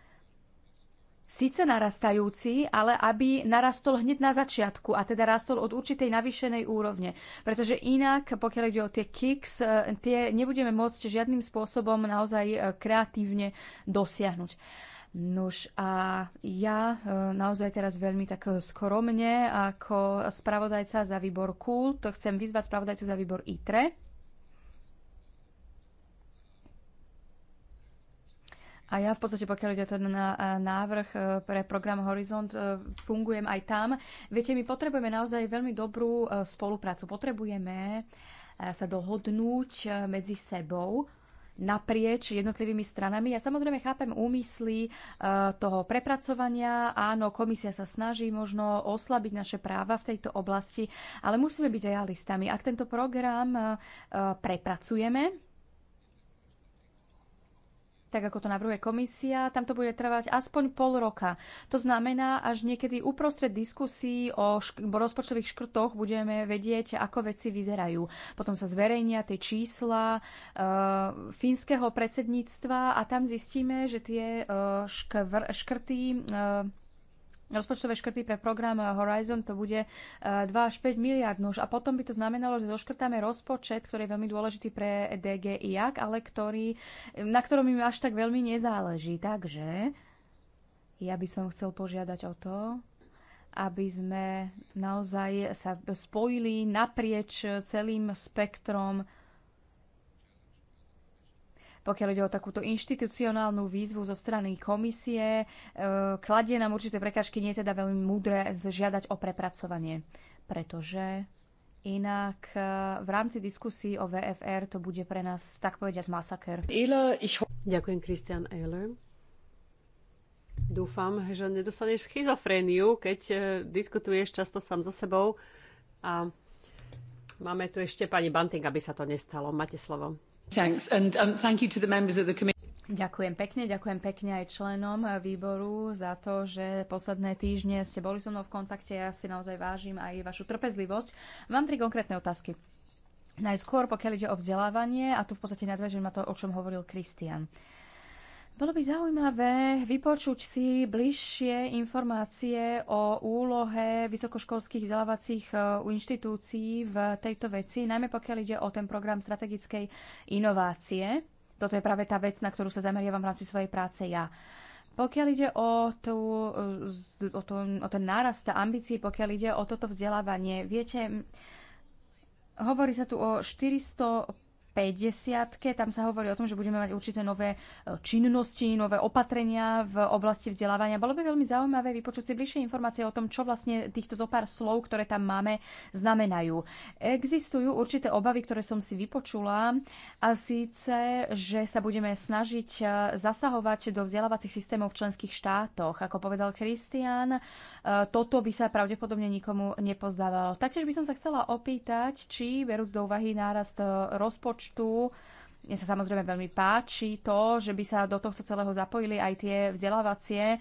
S2: síce narastajúci, ale aby narastol hneď na začiatku a teda rastol od určitej navýšenej úrovne. Pretože inak, pokiaľ ide o tie kicks, e, tie nebudeme môcť žiadnym spôsobom naozaj e, kreatívne dosiahnuť. Nož a ja e, naozaj teraz veľmi tak skromne ako spravodajca za výbor KULT chcem vyzvať spravodajcu za výbor ITRE, A ja v podstate, pokiaľ ide ten e, návrh e, pre program Horizont, e, fungujem aj tam. Viete, my potrebujeme naozaj veľmi dobrú spoluprácu. Potrebujeme sa dohodnúť medzi sebou naprieč jednotlivými stranami. Ja samozrejme chápem úmysly toho prepracovania. Áno, komisia sa snaží možno oslabiť naše práva v tejto oblasti, ale musíme byť realistami. Ak tento program prepracujeme, tak ako to navrhuje komisia, tam to bude trvať aspoň pol roka. To znamená, až niekedy uprostred diskusí o šk- rozpočtových škrtoch budeme vedieť, ako veci vyzerajú. Potom sa zverejnia tie čísla e, fínskeho predsedníctva a tam zistíme, že tie e, škvr- škrty e, rozpočtové škrty pre program Horizon to bude 2 e, až 5 miliard Nož. A potom by to znamenalo, že zoškrtáme rozpočet, ktorý je veľmi dôležitý pre DG IAK, ale ktorý, na ktorom im až tak veľmi nezáleží. Takže ja by som chcel požiadať o to, aby sme naozaj sa spojili naprieč celým spektrom pokiaľ ide o takúto inštitucionálnu výzvu zo strany komisie, e, kladie nám určité prekažky, nie je teda veľmi múdre žiadať o prepracovanie, pretože Inak e, v rámci diskusí o VFR to bude pre nás, tak povediať, masaker.
S3: Ďakujem, Christian Ehler. Dúfam, že nedostaneš schizofréniu, keď e, diskutuješ často sám so sebou. A máme tu ešte pani Banting, aby sa to nestalo. Máte slovo. Um,
S2: ďakujem pekne, ďakujem pekne aj členom eh, výboru za to, že posledné týždne ste boli so mnou v kontakte. Ja si naozaj vážim aj vašu trpezlivosť. Mám tri konkrétne otázky. Najskôr, pokiaľ ide o vzdelávanie, a tu v podstate nadväžujem na to, o čom hovoril Kristian. Uh, bolo by zaujímavé vypočuť si bližšie informácie o úlohe vysokoškolských vzdelávacích e, inštitúcií v tejto veci, najmä pokiaľ ide o ten program strategickej inovácie. Toto je práve tá vec, na ktorú sa zameriavam v rámci svojej práce ja. Pokiaľ ide o, tú, e, o, tú, o ten nárast ambícií, pokiaľ ide o toto vzdelávanie, viete, hovorí sa tu o 400 50. Tam sa hovorí o tom, že budeme mať určité nové e, činnosti, nové opatrenia v oblasti vzdelávania. Bolo by veľmi zaujímavé vypočuť si bližšie informácie o tom, čo vlastne týchto zopár slov, ktoré tam máme, znamenajú. Existujú určité obavy, ktoré som si vypočula, a síce, že sa budeme snažiť e, zasahovať do vzdelávacích systémov v členských štátoch. Ako povedal Kristian, e, toto by sa pravdepodobne nikomu nepozdávalo. Taktiež by som sa chcela opýtať, či berúc do úvahy nárast rozpočtu, rozpočtu. Mne sa samozrejme veľmi páči to, že by sa do tohto celého zapojili aj tie vzdelávacie um,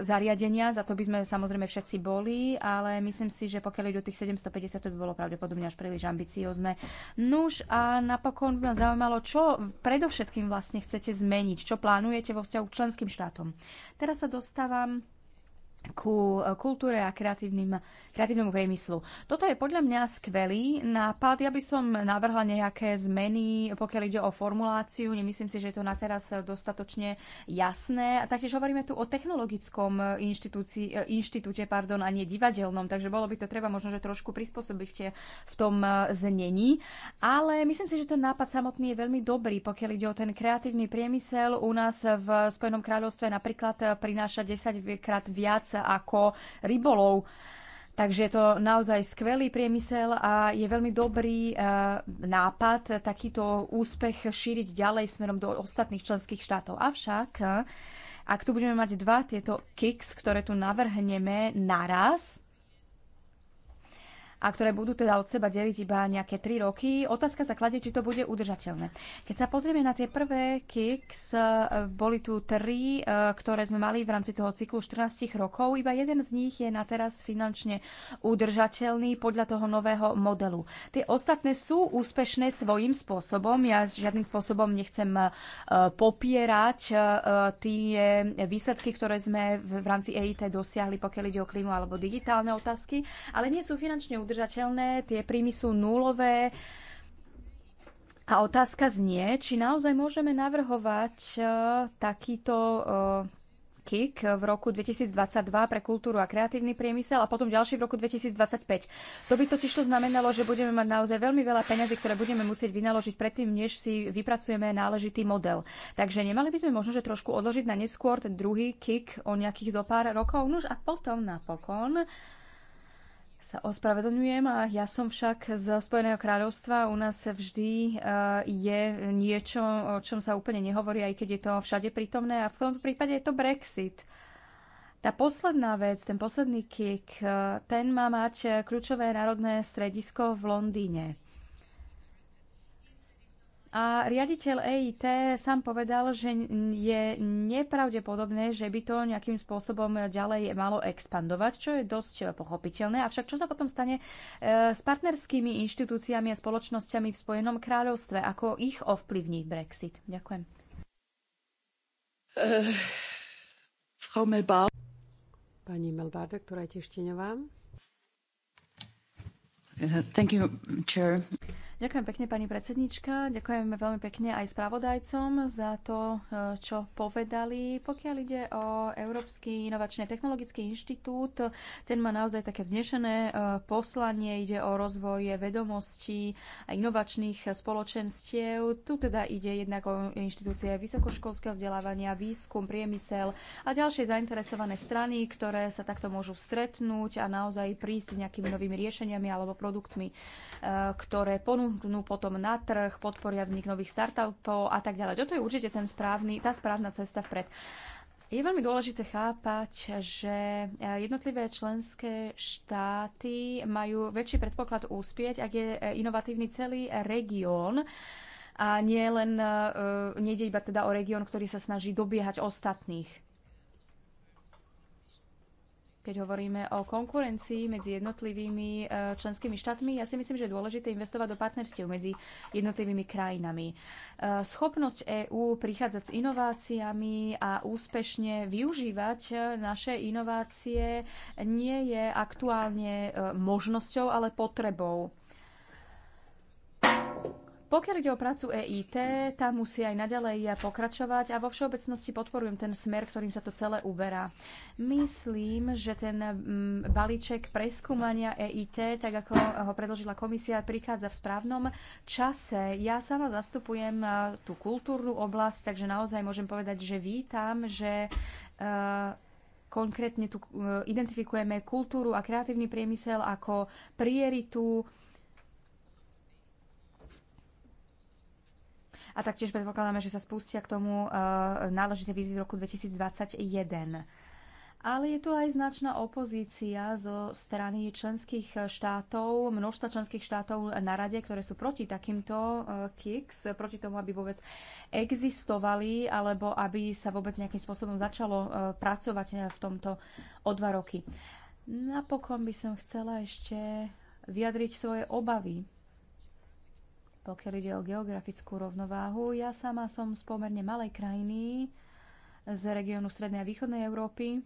S2: zariadenia, za to by sme samozrejme všetci boli, ale myslím si, že pokiaľ idú tých 750, to by bolo pravdepodobne až príliš ambiciozne. Nuž a napokon by ma zaujímalo, čo predovšetkým vlastne chcete zmeniť, čo plánujete vo vzťahu k členským štátom. Teraz sa dostávam ku eh, kultúre a kreatívnemu priemyslu. Toto je podľa mňa skvelý nápad. Ja by som navrhla nejaké zmeny, pokiaľ ide o formuláciu. Nemyslím si, že je to na teraz eh, dostatočne jasné. A taktiež hovoríme tu o technologickom eh, inštitúte pardon, a nie divadelnom, takže bolo by to treba možno, že trošku prispôsobiť v, v tom znení. Ale myslím si, že ten nápad samotný je veľmi dobrý, pokiaľ ide o ten kreatívny priemysel. U nás v Spojenom kráľovstve napríklad prináša 10 krát viac viac ako rybolov. Takže je to naozaj skvelý priemysel a je veľmi dobrý eh, nápad takýto úspech šíriť ďalej smerom do ostatných členských štátov. Avšak, eh, ak tu budeme mať dva tieto kicks, ktoré tu navrhneme naraz, a ktoré budú teda od seba deliť iba nejaké 3 roky. Otázka sa kladie, či to bude udržateľné. Keď sa pozrieme na tie prvé kicks, e, boli tu tri, e, ktoré sme mali v rámci toho cyklu 14 rokov. Iba jeden z nich je na teraz finančne udržateľný podľa toho nového modelu. Tie ostatné sú úspešné svojím spôsobom. Ja žiadnym spôsobom nechcem e, popierať tie výsledky, ktoré sme v rámci EIT dosiahli, pokiaľ ide o klímu alebo digitálne otázky, ale nie sú finančne udržateľné udržateľné, tie príjmy sú nulové. A otázka znie, či naozaj môžeme navrhovať e, takýto e, KIK v roku 2022 pre kultúru a kreatívny priemysel a potom ďalší v roku 2025. To by totiž to znamenalo, že budeme mať naozaj veľmi veľa peňazí, ktoré budeme musieť vynaložiť predtým, než si vypracujeme náležitý model. Takže nemali by sme možno, že trošku odložiť na neskôr ten druhý KIK o nejakých zo pár rokov, nož a potom napokon sa ospravedlňujem. A ja som však z Spojeného kráľovstva. U nás vždy eh, je niečo, o čom sa úplne nehovorí, aj keď je to všade prítomné. A v tom prípade je to Brexit. Tá posledná vec, ten posledný kick, eh, ten má mať eh, kľúčové národné stredisko v Londýne. A riaditeľ EIT sám povedal, že je nepravdepodobné, že by to nejakým spôsobom ďalej malo expandovať, čo je dosť e, pochopiteľné. Avšak čo sa potom stane e, s partnerskými inštitúciami a spoločnosťami v Spojenom
S3: kráľovstve? Ako ich ovplyvní Brexit? Ďakujem. Uh, Frau Melbar. Pani Melbarda, ktorá je tiež tieňová.
S2: Uh, thank you, chair.
S3: Ďakujem pekne, pani
S2: predsednička. Ďakujeme veľmi pekne aj spravodajcom za to, e, čo povedali. Pokiaľ ide o Európsky inovačný technologický inštitút, ten má naozaj také vznešené e, poslanie. Ide o rozvoj vedomostí a inovačných spoločenstiev. Tu teda ide jednak o inštitúcie vysokoškolského vzdelávania, výskum, priemysel a ďalšie zainteresované strany, ktoré sa takto môžu stretnúť a naozaj prísť s nejakými novými riešeniami alebo produktmi, e, ktoré ponúkajú ponúknú potom na trh, podporia vznik nových startupov a tak ďalej. Toto je určite ten správny, tá správna cesta vpred. Je veľmi dôležité chápať, že eh, jednotlivé členské štáty majú väčší predpoklad úspieť, ak je eh, inovatívny celý región a nie len, eh, nejde iba teda o región, ktorý sa snaží dobiehať ostatných keď hovoríme o konkurencii medzi jednotlivými e, členskými štátmi, ja si myslím, že je dôležité investovať do partnerstiev medzi jednotlivými krajinami. E, schopnosť EÚ prichádzať s inováciami a úspešne využívať e, naše inovácie nie je aktuálne možnosťou, ale potrebou. Pokiaľ ide o prácu EIT, tá musí aj naďalej pokračovať a vo všeobecnosti podporujem ten smer, ktorým sa to celé uberá. Myslím, že ten mm, balíček preskúmania EIT, tak ako ho predložila komisia, prichádza v správnom čase. Ja sama zastupujem e, tú kultúrnu oblasť, takže naozaj môžem povedať, že vítam, že e, konkrétne tu e, identifikujeme kultúru a kreatívny priemysel ako prioritu A taktiež predpokladáme, že sa spustia k tomu e, náležité výzvy v roku 2021. Ale je tu aj značná opozícia zo strany členských štátov, množstva členských štátov na rade, ktoré sú proti takýmto e, kicks, proti tomu, aby vôbec existovali alebo aby sa vôbec nejakým spôsobom začalo e, pracovať v tomto o dva roky. Napokon by som chcela ešte vyjadriť svoje obavy pokiaľ ide o geografickú rovnováhu, ja sama som z pomerne malej krajiny z regiónu Strednej a Východnej Európy.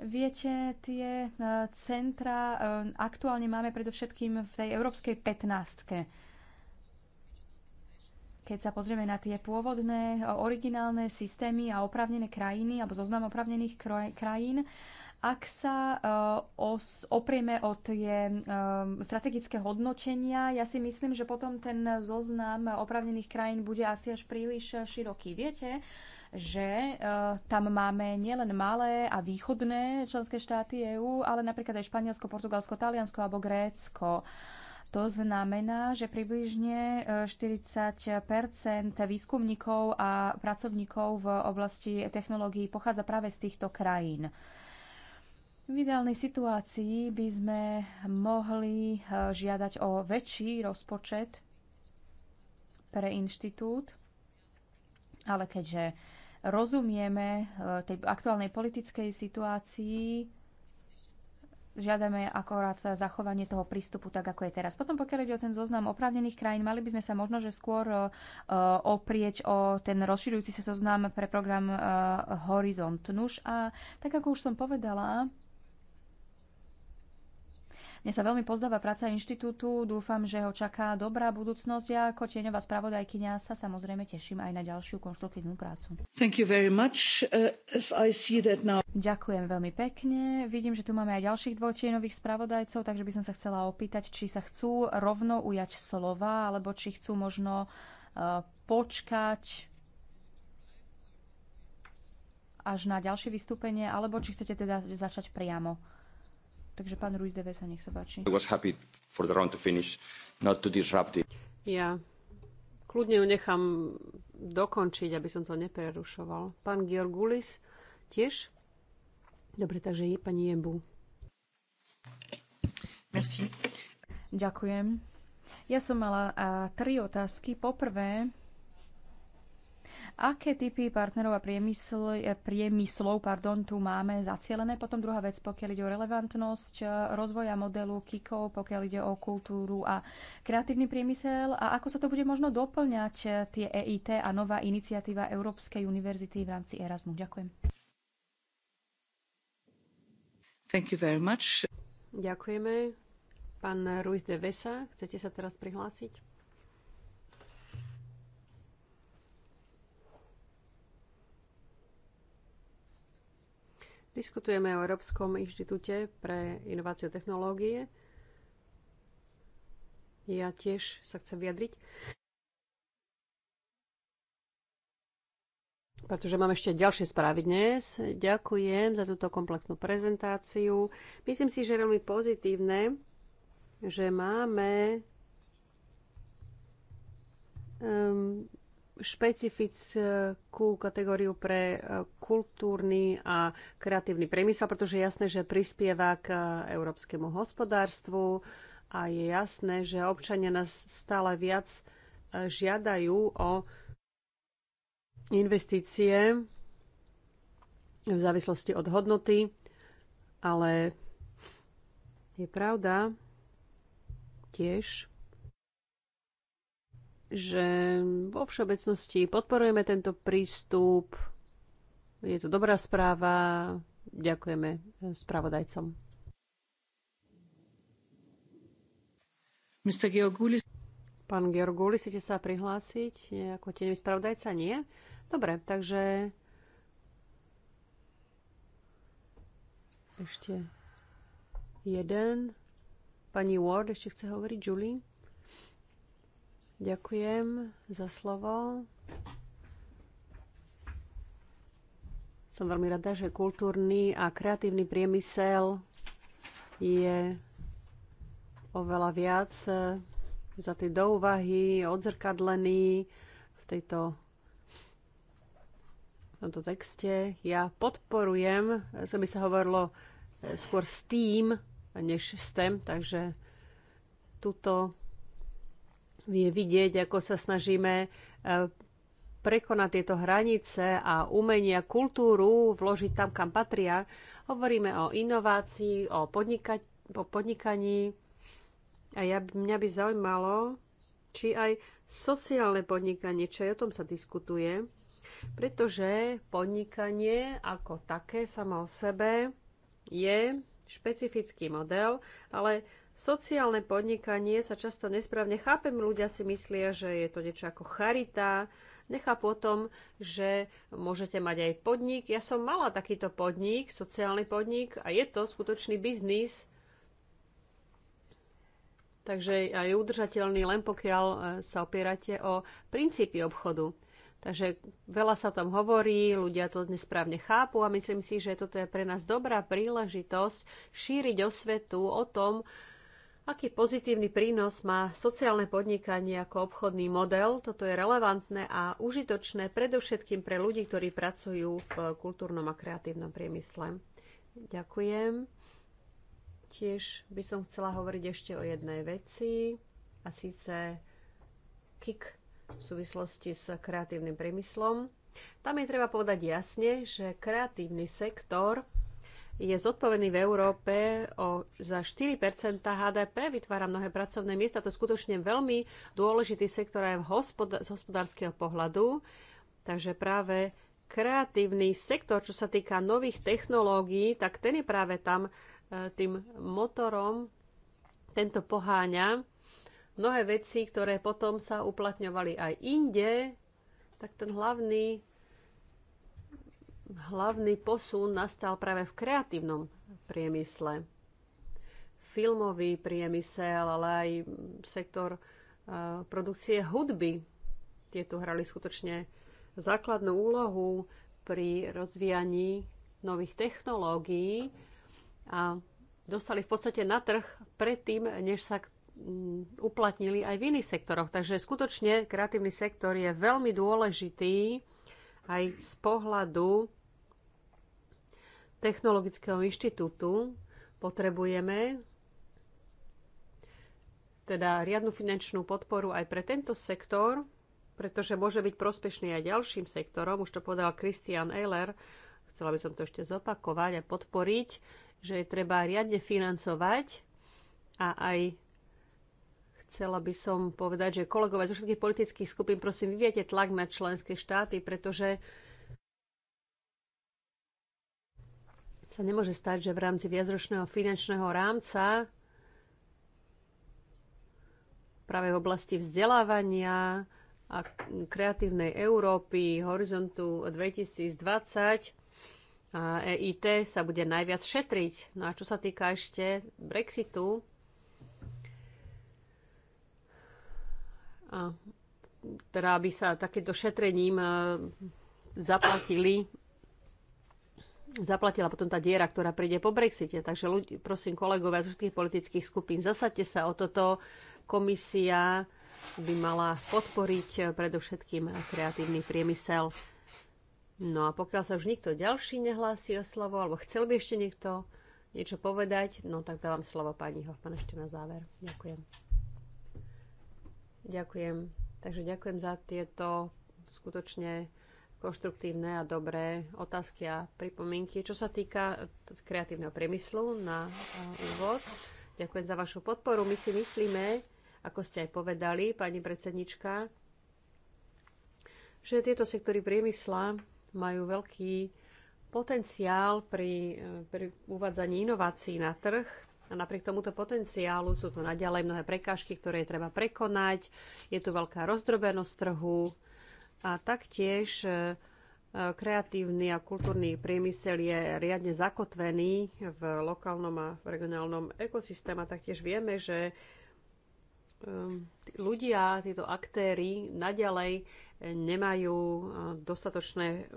S2: Viete, tie e, centra e, aktuálne máme predovšetkým v tej európskej 15. -tke. Keď sa pozrieme na tie pôvodné, originálne systémy a opravnené krajiny, alebo zoznam opravnených krajín, ak sa eh, os, oprieme o tie eh, strategické hodnotenia, ja si myslím, že potom ten zoznam opravnených krajín bude asi až príliš široký. Viete, že eh, tam máme nielen malé a východné členské štáty EÚ, ale napríklad aj Španielsko, Portugalsko, Taliansko alebo Grécko. To znamená, že približne 40 výskumníkov a pracovníkov v oblasti technológií pochádza práve z týchto krajín. V ideálnej situácii by sme mohli eh, žiadať o väčší rozpočet pre inštitút, ale keďže rozumieme eh, tej aktuálnej politickej situácii, žiadame akorát zachovanie toho prístupu tak, ako je teraz. Potom pokiaľ ide o ten zoznam oprávnených krajín, mali by sme sa možno, že skôr eh, oprieť o ten rozširujúci sa zoznam pre program Horizont. Nuž a tak, ako už som povedala, mne sa veľmi pozdáva práca inštitútu, dúfam, že ho čaká dobrá budúcnosť ja ako tieňová spravodajkynia sa samozrejme teším aj na ďalšiu konštruktívnu prácu. Thank you very much. Uh, as I see that now... Ďakujem veľmi pekne. Vidím, že tu máme aj ďalších dvoch tieňových spravodajcov, takže by som sa chcela opýtať, či sa chcú rovno ujať slova, alebo či chcú možno uh, počkať až na ďalšie vystúpenie, alebo či chcete teda začať priamo.
S3: Takže pán Ruiz de Vesa, nech sa páči. Ja kľudne ju nechám dokončiť, aby som to neprerušoval. Pán Georgulis tiež? Dobre, takže je pani Jebu. Merci. Ďakujem. Ja som mala a,
S2: tri otázky. Poprvé, Aké typy partnerov a priemysl, e, priemyslov pardon, tu máme zacielené? Potom druhá vec, pokiaľ ide o relevantnosť e, rozvoja modelu KIKov, pokiaľ ide o kultúru a kreatívny priemysel a ako sa to bude možno doplňať e, tie EIT a nová iniciatíva Európskej univerzity v rámci Erasmu. Ďakujem.
S3: Thank you very much. Ďakujeme. Pán Ruiz de Vesa, chcete sa teraz prihlásiť? Diskutujeme o Európskom inštitúte pre inováciu technológie. Ja tiež sa chcem vyjadriť. pretože mám ešte ďalšie správy dnes. Ďakujem za túto komplexnú prezentáciu. Myslím si, že je veľmi pozitívne, že máme ehm, špecifickú kategóriu pre e, kultúrny a kreatívny priemysel, pretože je jasné, že prispieva k e, európskemu hospodárstvu a je jasné, že občania nás stále viac e, žiadajú o investície v závislosti od hodnoty, ale je pravda tiež, že vo všeobecnosti podporujeme tento prístup. Je to dobrá správa. Ďakujeme spravodajcom. Mr. Georgulis. Pán Georgulis, chcete sa prihlásiť ako tenevý spravodajca? Nie? Dobre, takže ešte jeden. Pani Ward ešte chce hovoriť, Julie? Ďakujem za slovo. Som veľmi rada, že kultúrny a kreatívny priemysel je oveľa viac za tie do úvahy, odzrkadlený v tejto v tomto texte. Ja podporujem, som by sa hovorilo eh, skôr s tým, než s tém, takže tuto je vidieť, ako sa snažíme e, prekonať tieto hranice a umenia, kultúru vložiť tam, kam patria. Hovoríme o inovácii, o, podnika- o podnikaní. A ja, mňa by zaujímalo, či aj sociálne podnikanie, čo aj o tom sa diskutuje, pretože podnikanie ako také samo o sebe je špecifický model, ale Sociálne podnikanie sa často nesprávne chápem. Ľudia si myslia, že je to niečo ako charita. Nechápu o tom, že môžete mať aj podnik. Ja som mala takýto podnik, sociálny podnik a je to skutočný biznis. Takže je udržateľný len pokiaľ e, sa opierate o princípy obchodu. Takže veľa sa tam tom hovorí, ľudia to nesprávne chápu a myslím si, že toto je pre nás dobrá príležitosť šíriť osvetu o tom, Aký pozitívny prínos má sociálne podnikanie ako obchodný model? Toto je relevantné a užitočné predovšetkým pre ľudí, ktorí pracujú v kultúrnom a kreatívnom priemysle. Ďakujem. Tiež by som chcela hovoriť ešte o jednej veci, a síce KIK v súvislosti s kreatívnym priemyslom. Tam je treba povedať jasne, že kreatívny sektor je zodpovedný v Európe o, za 4 HDP, vytvára mnohé pracovné miesta. To je skutočne veľmi dôležitý sektor aj v hospod- z hospodárskeho pohľadu. Takže práve kreatívny sektor, čo sa týka nových technológií, tak ten je práve tam e, tým motorom, tento poháňa mnohé veci, ktoré potom sa uplatňovali aj inde, tak ten hlavný hlavný posun nastal práve v kreatívnom priemysle. Filmový priemysel, ale aj sektor e, produkcie hudby. Tieto hrali skutočne základnú úlohu pri rozvíjaní nových technológií a dostali v podstate na trh predtým, než sa uplatnili aj v iných sektoroch. Takže skutočne kreatívny sektor je veľmi dôležitý aj z pohľadu Technologického inštitútu potrebujeme teda riadnu finančnú podporu aj pre tento sektor, pretože môže byť prospešný aj ďalším sektorom. Už to povedal Christian Eiler, chcela by som to ešte zopakovať a podporiť, že je treba riadne financovať a aj Chcela by som povedať, že kolegovia zo všetkých politických skupín, prosím, vyviete tlak na členské štáty, pretože sa nemôže stať, že v rámci viacročného finančného rámca práve v oblasti vzdelávania a kreatívnej Európy, Horizontu 2020 a EIT sa bude najviac šetriť. No a čo sa týka ešte Brexitu, a teda aby sa takéto šetrením e, zaplatili zaplatila potom tá diera, ktorá príde po Brexite. Takže ľudí, prosím kolegovia z všetkých politických skupín, zasadte sa o toto. Komisia by mala podporiť e, predovšetkým kreatívny priemysel. No a pokiaľ sa už nikto ďalší nehlási o slovo, alebo chcel by ešte niekto niečo povedať, no tak dávam slovo pani Hoffman ešte na záver. Ďakujem. Ďakujem. Takže ďakujem za tieto skutočne konštruktívne a dobré otázky a pripomienky. Čo sa týka kreatívneho priemyslu na eh, úvod, ďakujem za vašu podporu. My si myslíme, ako ste aj povedali, pani predsednička, že tieto sektory priemysla majú veľký potenciál pri, eh, pri uvádzaní inovácií na trh a napriek tomuto potenciálu sú tu naďalej mnohé prekážky, ktoré je treba prekonať. Je tu veľká rozdrobenosť trhu a taktiež e, kreatívny a kultúrny priemysel je riadne zakotvený v lokálnom a regionálnom ekosystéme. taktiež vieme, že e, ľudia, títo aktéry naďalej nemajú e, dostatočné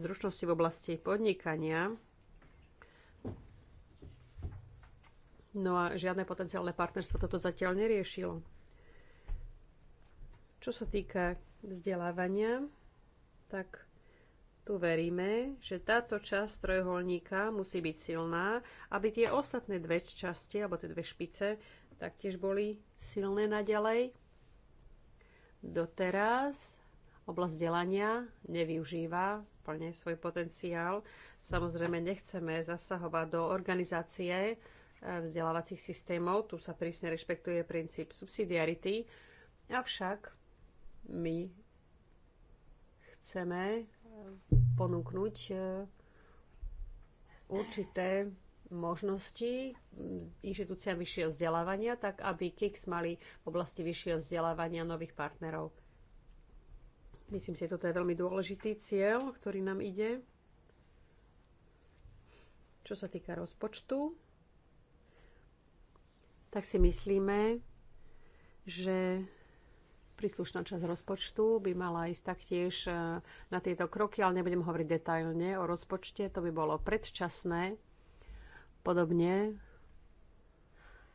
S3: zručnosti v oblasti podnikania. No a žiadne potenciálne partnerstvo toto zatiaľ neriešilo. Čo sa týka vzdelávania, tak tu veríme, že táto časť trojuholníka musí byť silná, aby tie ostatné dve časti, alebo tie dve špice, taktiež boli silné naďalej. Doteraz oblasť vzdelania nevyužíva plne svoj potenciál. Samozrejme, nechceme zasahovať do organizácie, vzdelávacích systémov. Tu sa prísne rešpektuje princíp subsidiarity. Avšak my chceme eh, ponúknuť eh, určité možnosti inštitúciám vyššieho vzdelávania, tak aby KIX mali v oblasti vyššieho vzdelávania nových partnerov. Myslím si, že toto je veľmi dôležitý cieľ, ktorý nám ide. Čo sa týka rozpočtu, tak si myslíme, že príslušná časť rozpočtu by mala ísť taktiež e, na tieto kroky, ale nebudem hovoriť detailne o rozpočte, to by bolo predčasné. Podobne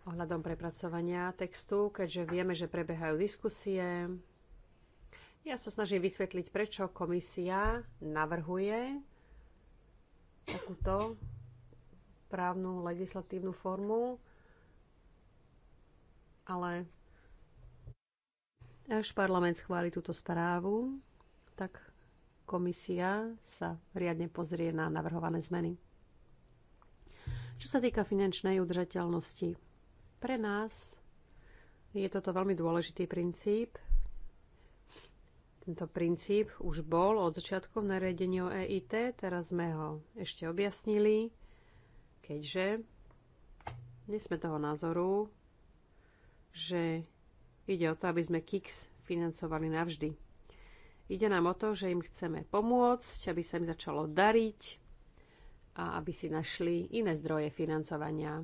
S3: ohľadom prepracovania textu, keďže vieme, že prebehajú diskusie. Ja sa snažím vysvetliť, prečo komisia navrhuje takúto právnu legislatívnu formu ale až parlament schváli túto správu, tak komisia sa riadne pozrie na navrhované zmeny. Čo sa týka finančnej udržateľnosti, pre nás je toto veľmi dôležitý princíp. Tento princíp už bol od začiatku v nariadení o EIT, teraz sme ho ešte objasnili, keďže dnes sme toho názoru, že ide o to, aby sme KIX financovali navždy. Ide nám o to, že im chceme pomôcť, aby sa im začalo dariť a aby si našli iné zdroje financovania.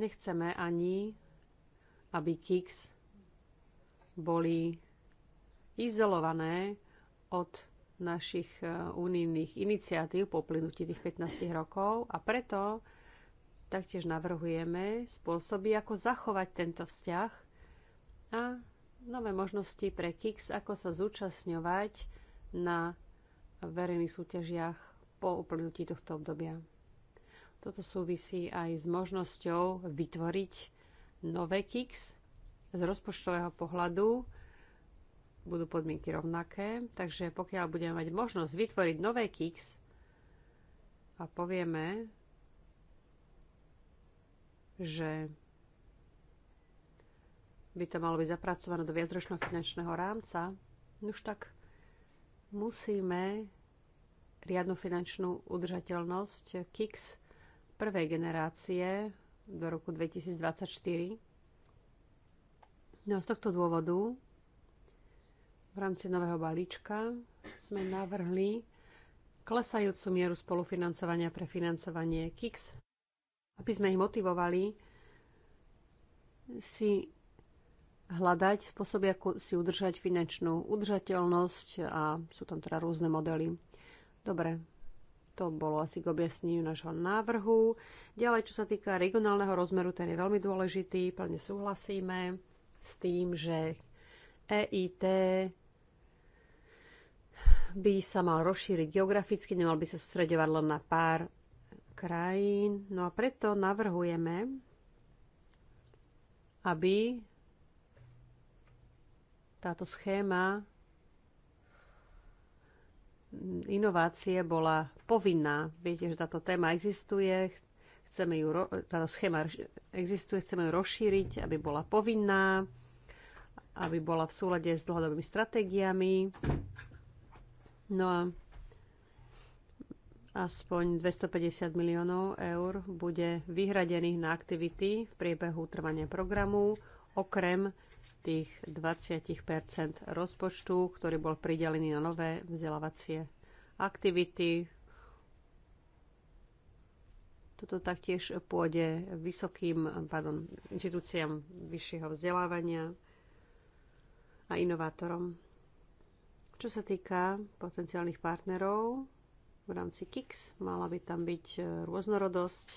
S3: Nechceme ani, aby KIX boli izolované od našich e, unijných iniciatív po plynutí tých 15 rokov a preto taktiež navrhujeme spôsoby, ako zachovať tento vzťah a nové možnosti pre KIX, ako sa zúčastňovať na verejných súťažiach po uplynutí tohto obdobia. Toto súvisí aj s možnosťou vytvoriť nové KIX z rozpočtového pohľadu budú podmienky rovnaké. Takže pokiaľ budeme mať možnosť vytvoriť nové Kix a povieme, že by to malo byť zapracované do viacročného finančného rámca, no už tak musíme riadnu finančnú udržateľnosť KIX prvej generácie do roku 2024. No z tohto dôvodu v rámci nového balíčka sme navrhli klesajúcu mieru spolufinancovania pre financovanie KIX, aby sme ich motivovali si hľadať spôsoby, ako si udržať finančnú udržateľnosť a sú tam teda rôzne modely. Dobre, to bolo asi k objasneniu nášho návrhu. Ďalej, čo sa týka regionálneho rozmeru, ten je veľmi dôležitý, plne súhlasíme s tým, že EIT by sa mal rozšíriť geograficky, nemal by sa sústredovať len na pár krajín. No a preto navrhujeme, aby táto schéma inovácie bola povinná. Viete, že táto téma existuje, chceme ju, táto schéma existuje, chceme ju rozšíriť, aby bola povinná, aby bola v súlade s dlhodobými stratégiami No a aspoň 250 miliónov eur bude vyhradených na aktivity v priebehu trvania programu, okrem tých 20 rozpočtu, ktorý bol pridelený na nové vzdelávacie aktivity. Toto taktiež pôjde vysokým, pardon, inštitúciám vyššieho vzdelávania a inovátorom. Čo sa týka potenciálnych partnerov v rámci KIX, mala by tam byť e, rôznorodosť.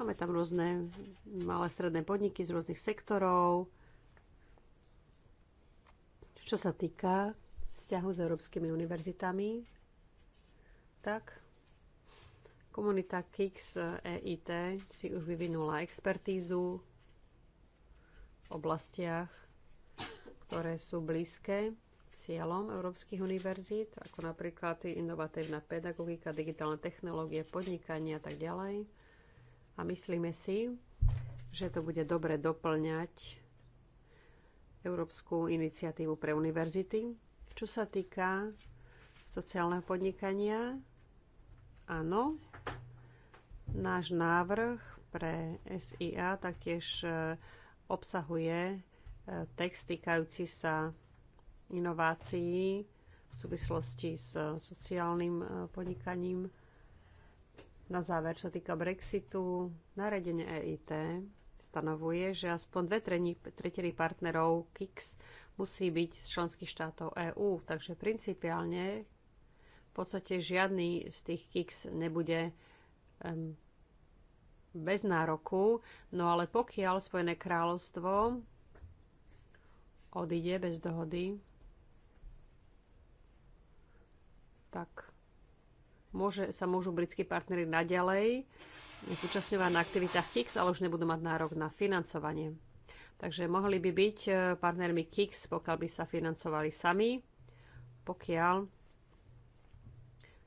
S3: Máme tam rôzne malé stredné podniky z rôznych sektorov. Čo sa týka vzťahu s európskymi univerzitami, tak komunita KIX EIT e si už vyvinula expertízu v oblastiach, ktoré sú blízke cieľom európskych univerzít, ako napríklad inovatívna pedagogika, digitálne technológie, podnikanie a tak ďalej. A myslíme si, že to bude dobre doplňať Európsku iniciatívu pre univerzity. Čo sa týka sociálneho podnikania, áno, náš návrh pre SIA taktiež e, obsahuje e, text týkajúci sa inovácií v súvislosti s eh, sociálnym eh, podnikaním. Na záver, čo týka Brexitu, naredenie EIT stanovuje, že aspoň dve tretiny partnerov KIX musí byť z členských štátov EÚ. Takže principiálne v podstate žiadny z tých KIX nebude um, bez nároku. No ale pokiaľ Spojené kráľovstvo odíde bez dohody, tak môže, sa môžu britskí partnery naďalej zúčastňovať na aktivitách KIX, ale už nebudú mať nárok na financovanie. Takže mohli by byť e, partnermi KIX, pokiaľ by sa financovali sami, pokiaľ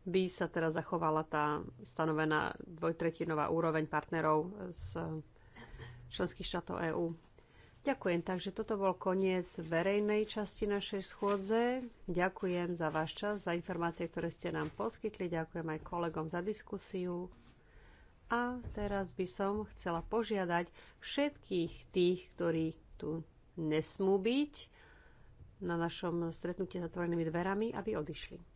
S3: by sa teda zachovala tá stanovená dvojtretinová úroveň partnerov z členských štátov EÚ. Ďakujem, takže toto bol koniec verejnej časti našej schôdze. Ďakujem za váš čas, za informácie, ktoré ste nám poskytli. Ďakujem aj kolegom za diskusiu. A teraz by som chcela požiadať všetkých tých, ktorí tu nesmú byť na našom stretnutí zatvorenými dverami, aby odišli.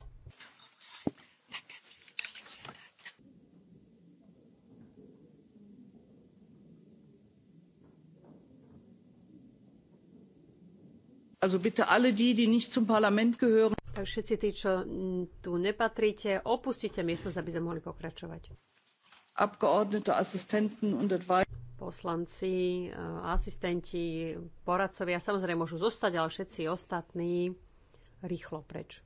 S3: Also bitte alle die, die nicht zum Parlament gehören. Tak všetci tí, čo tu nepatríte, opustite miestnosť, aby sme mohli pokračovať. Abgeordnete, Assistenten und Advisor. Poslanci, eh, asistenti, poradcovia samozrejme môžu zostať, ale všetci ostatní rýchlo preč.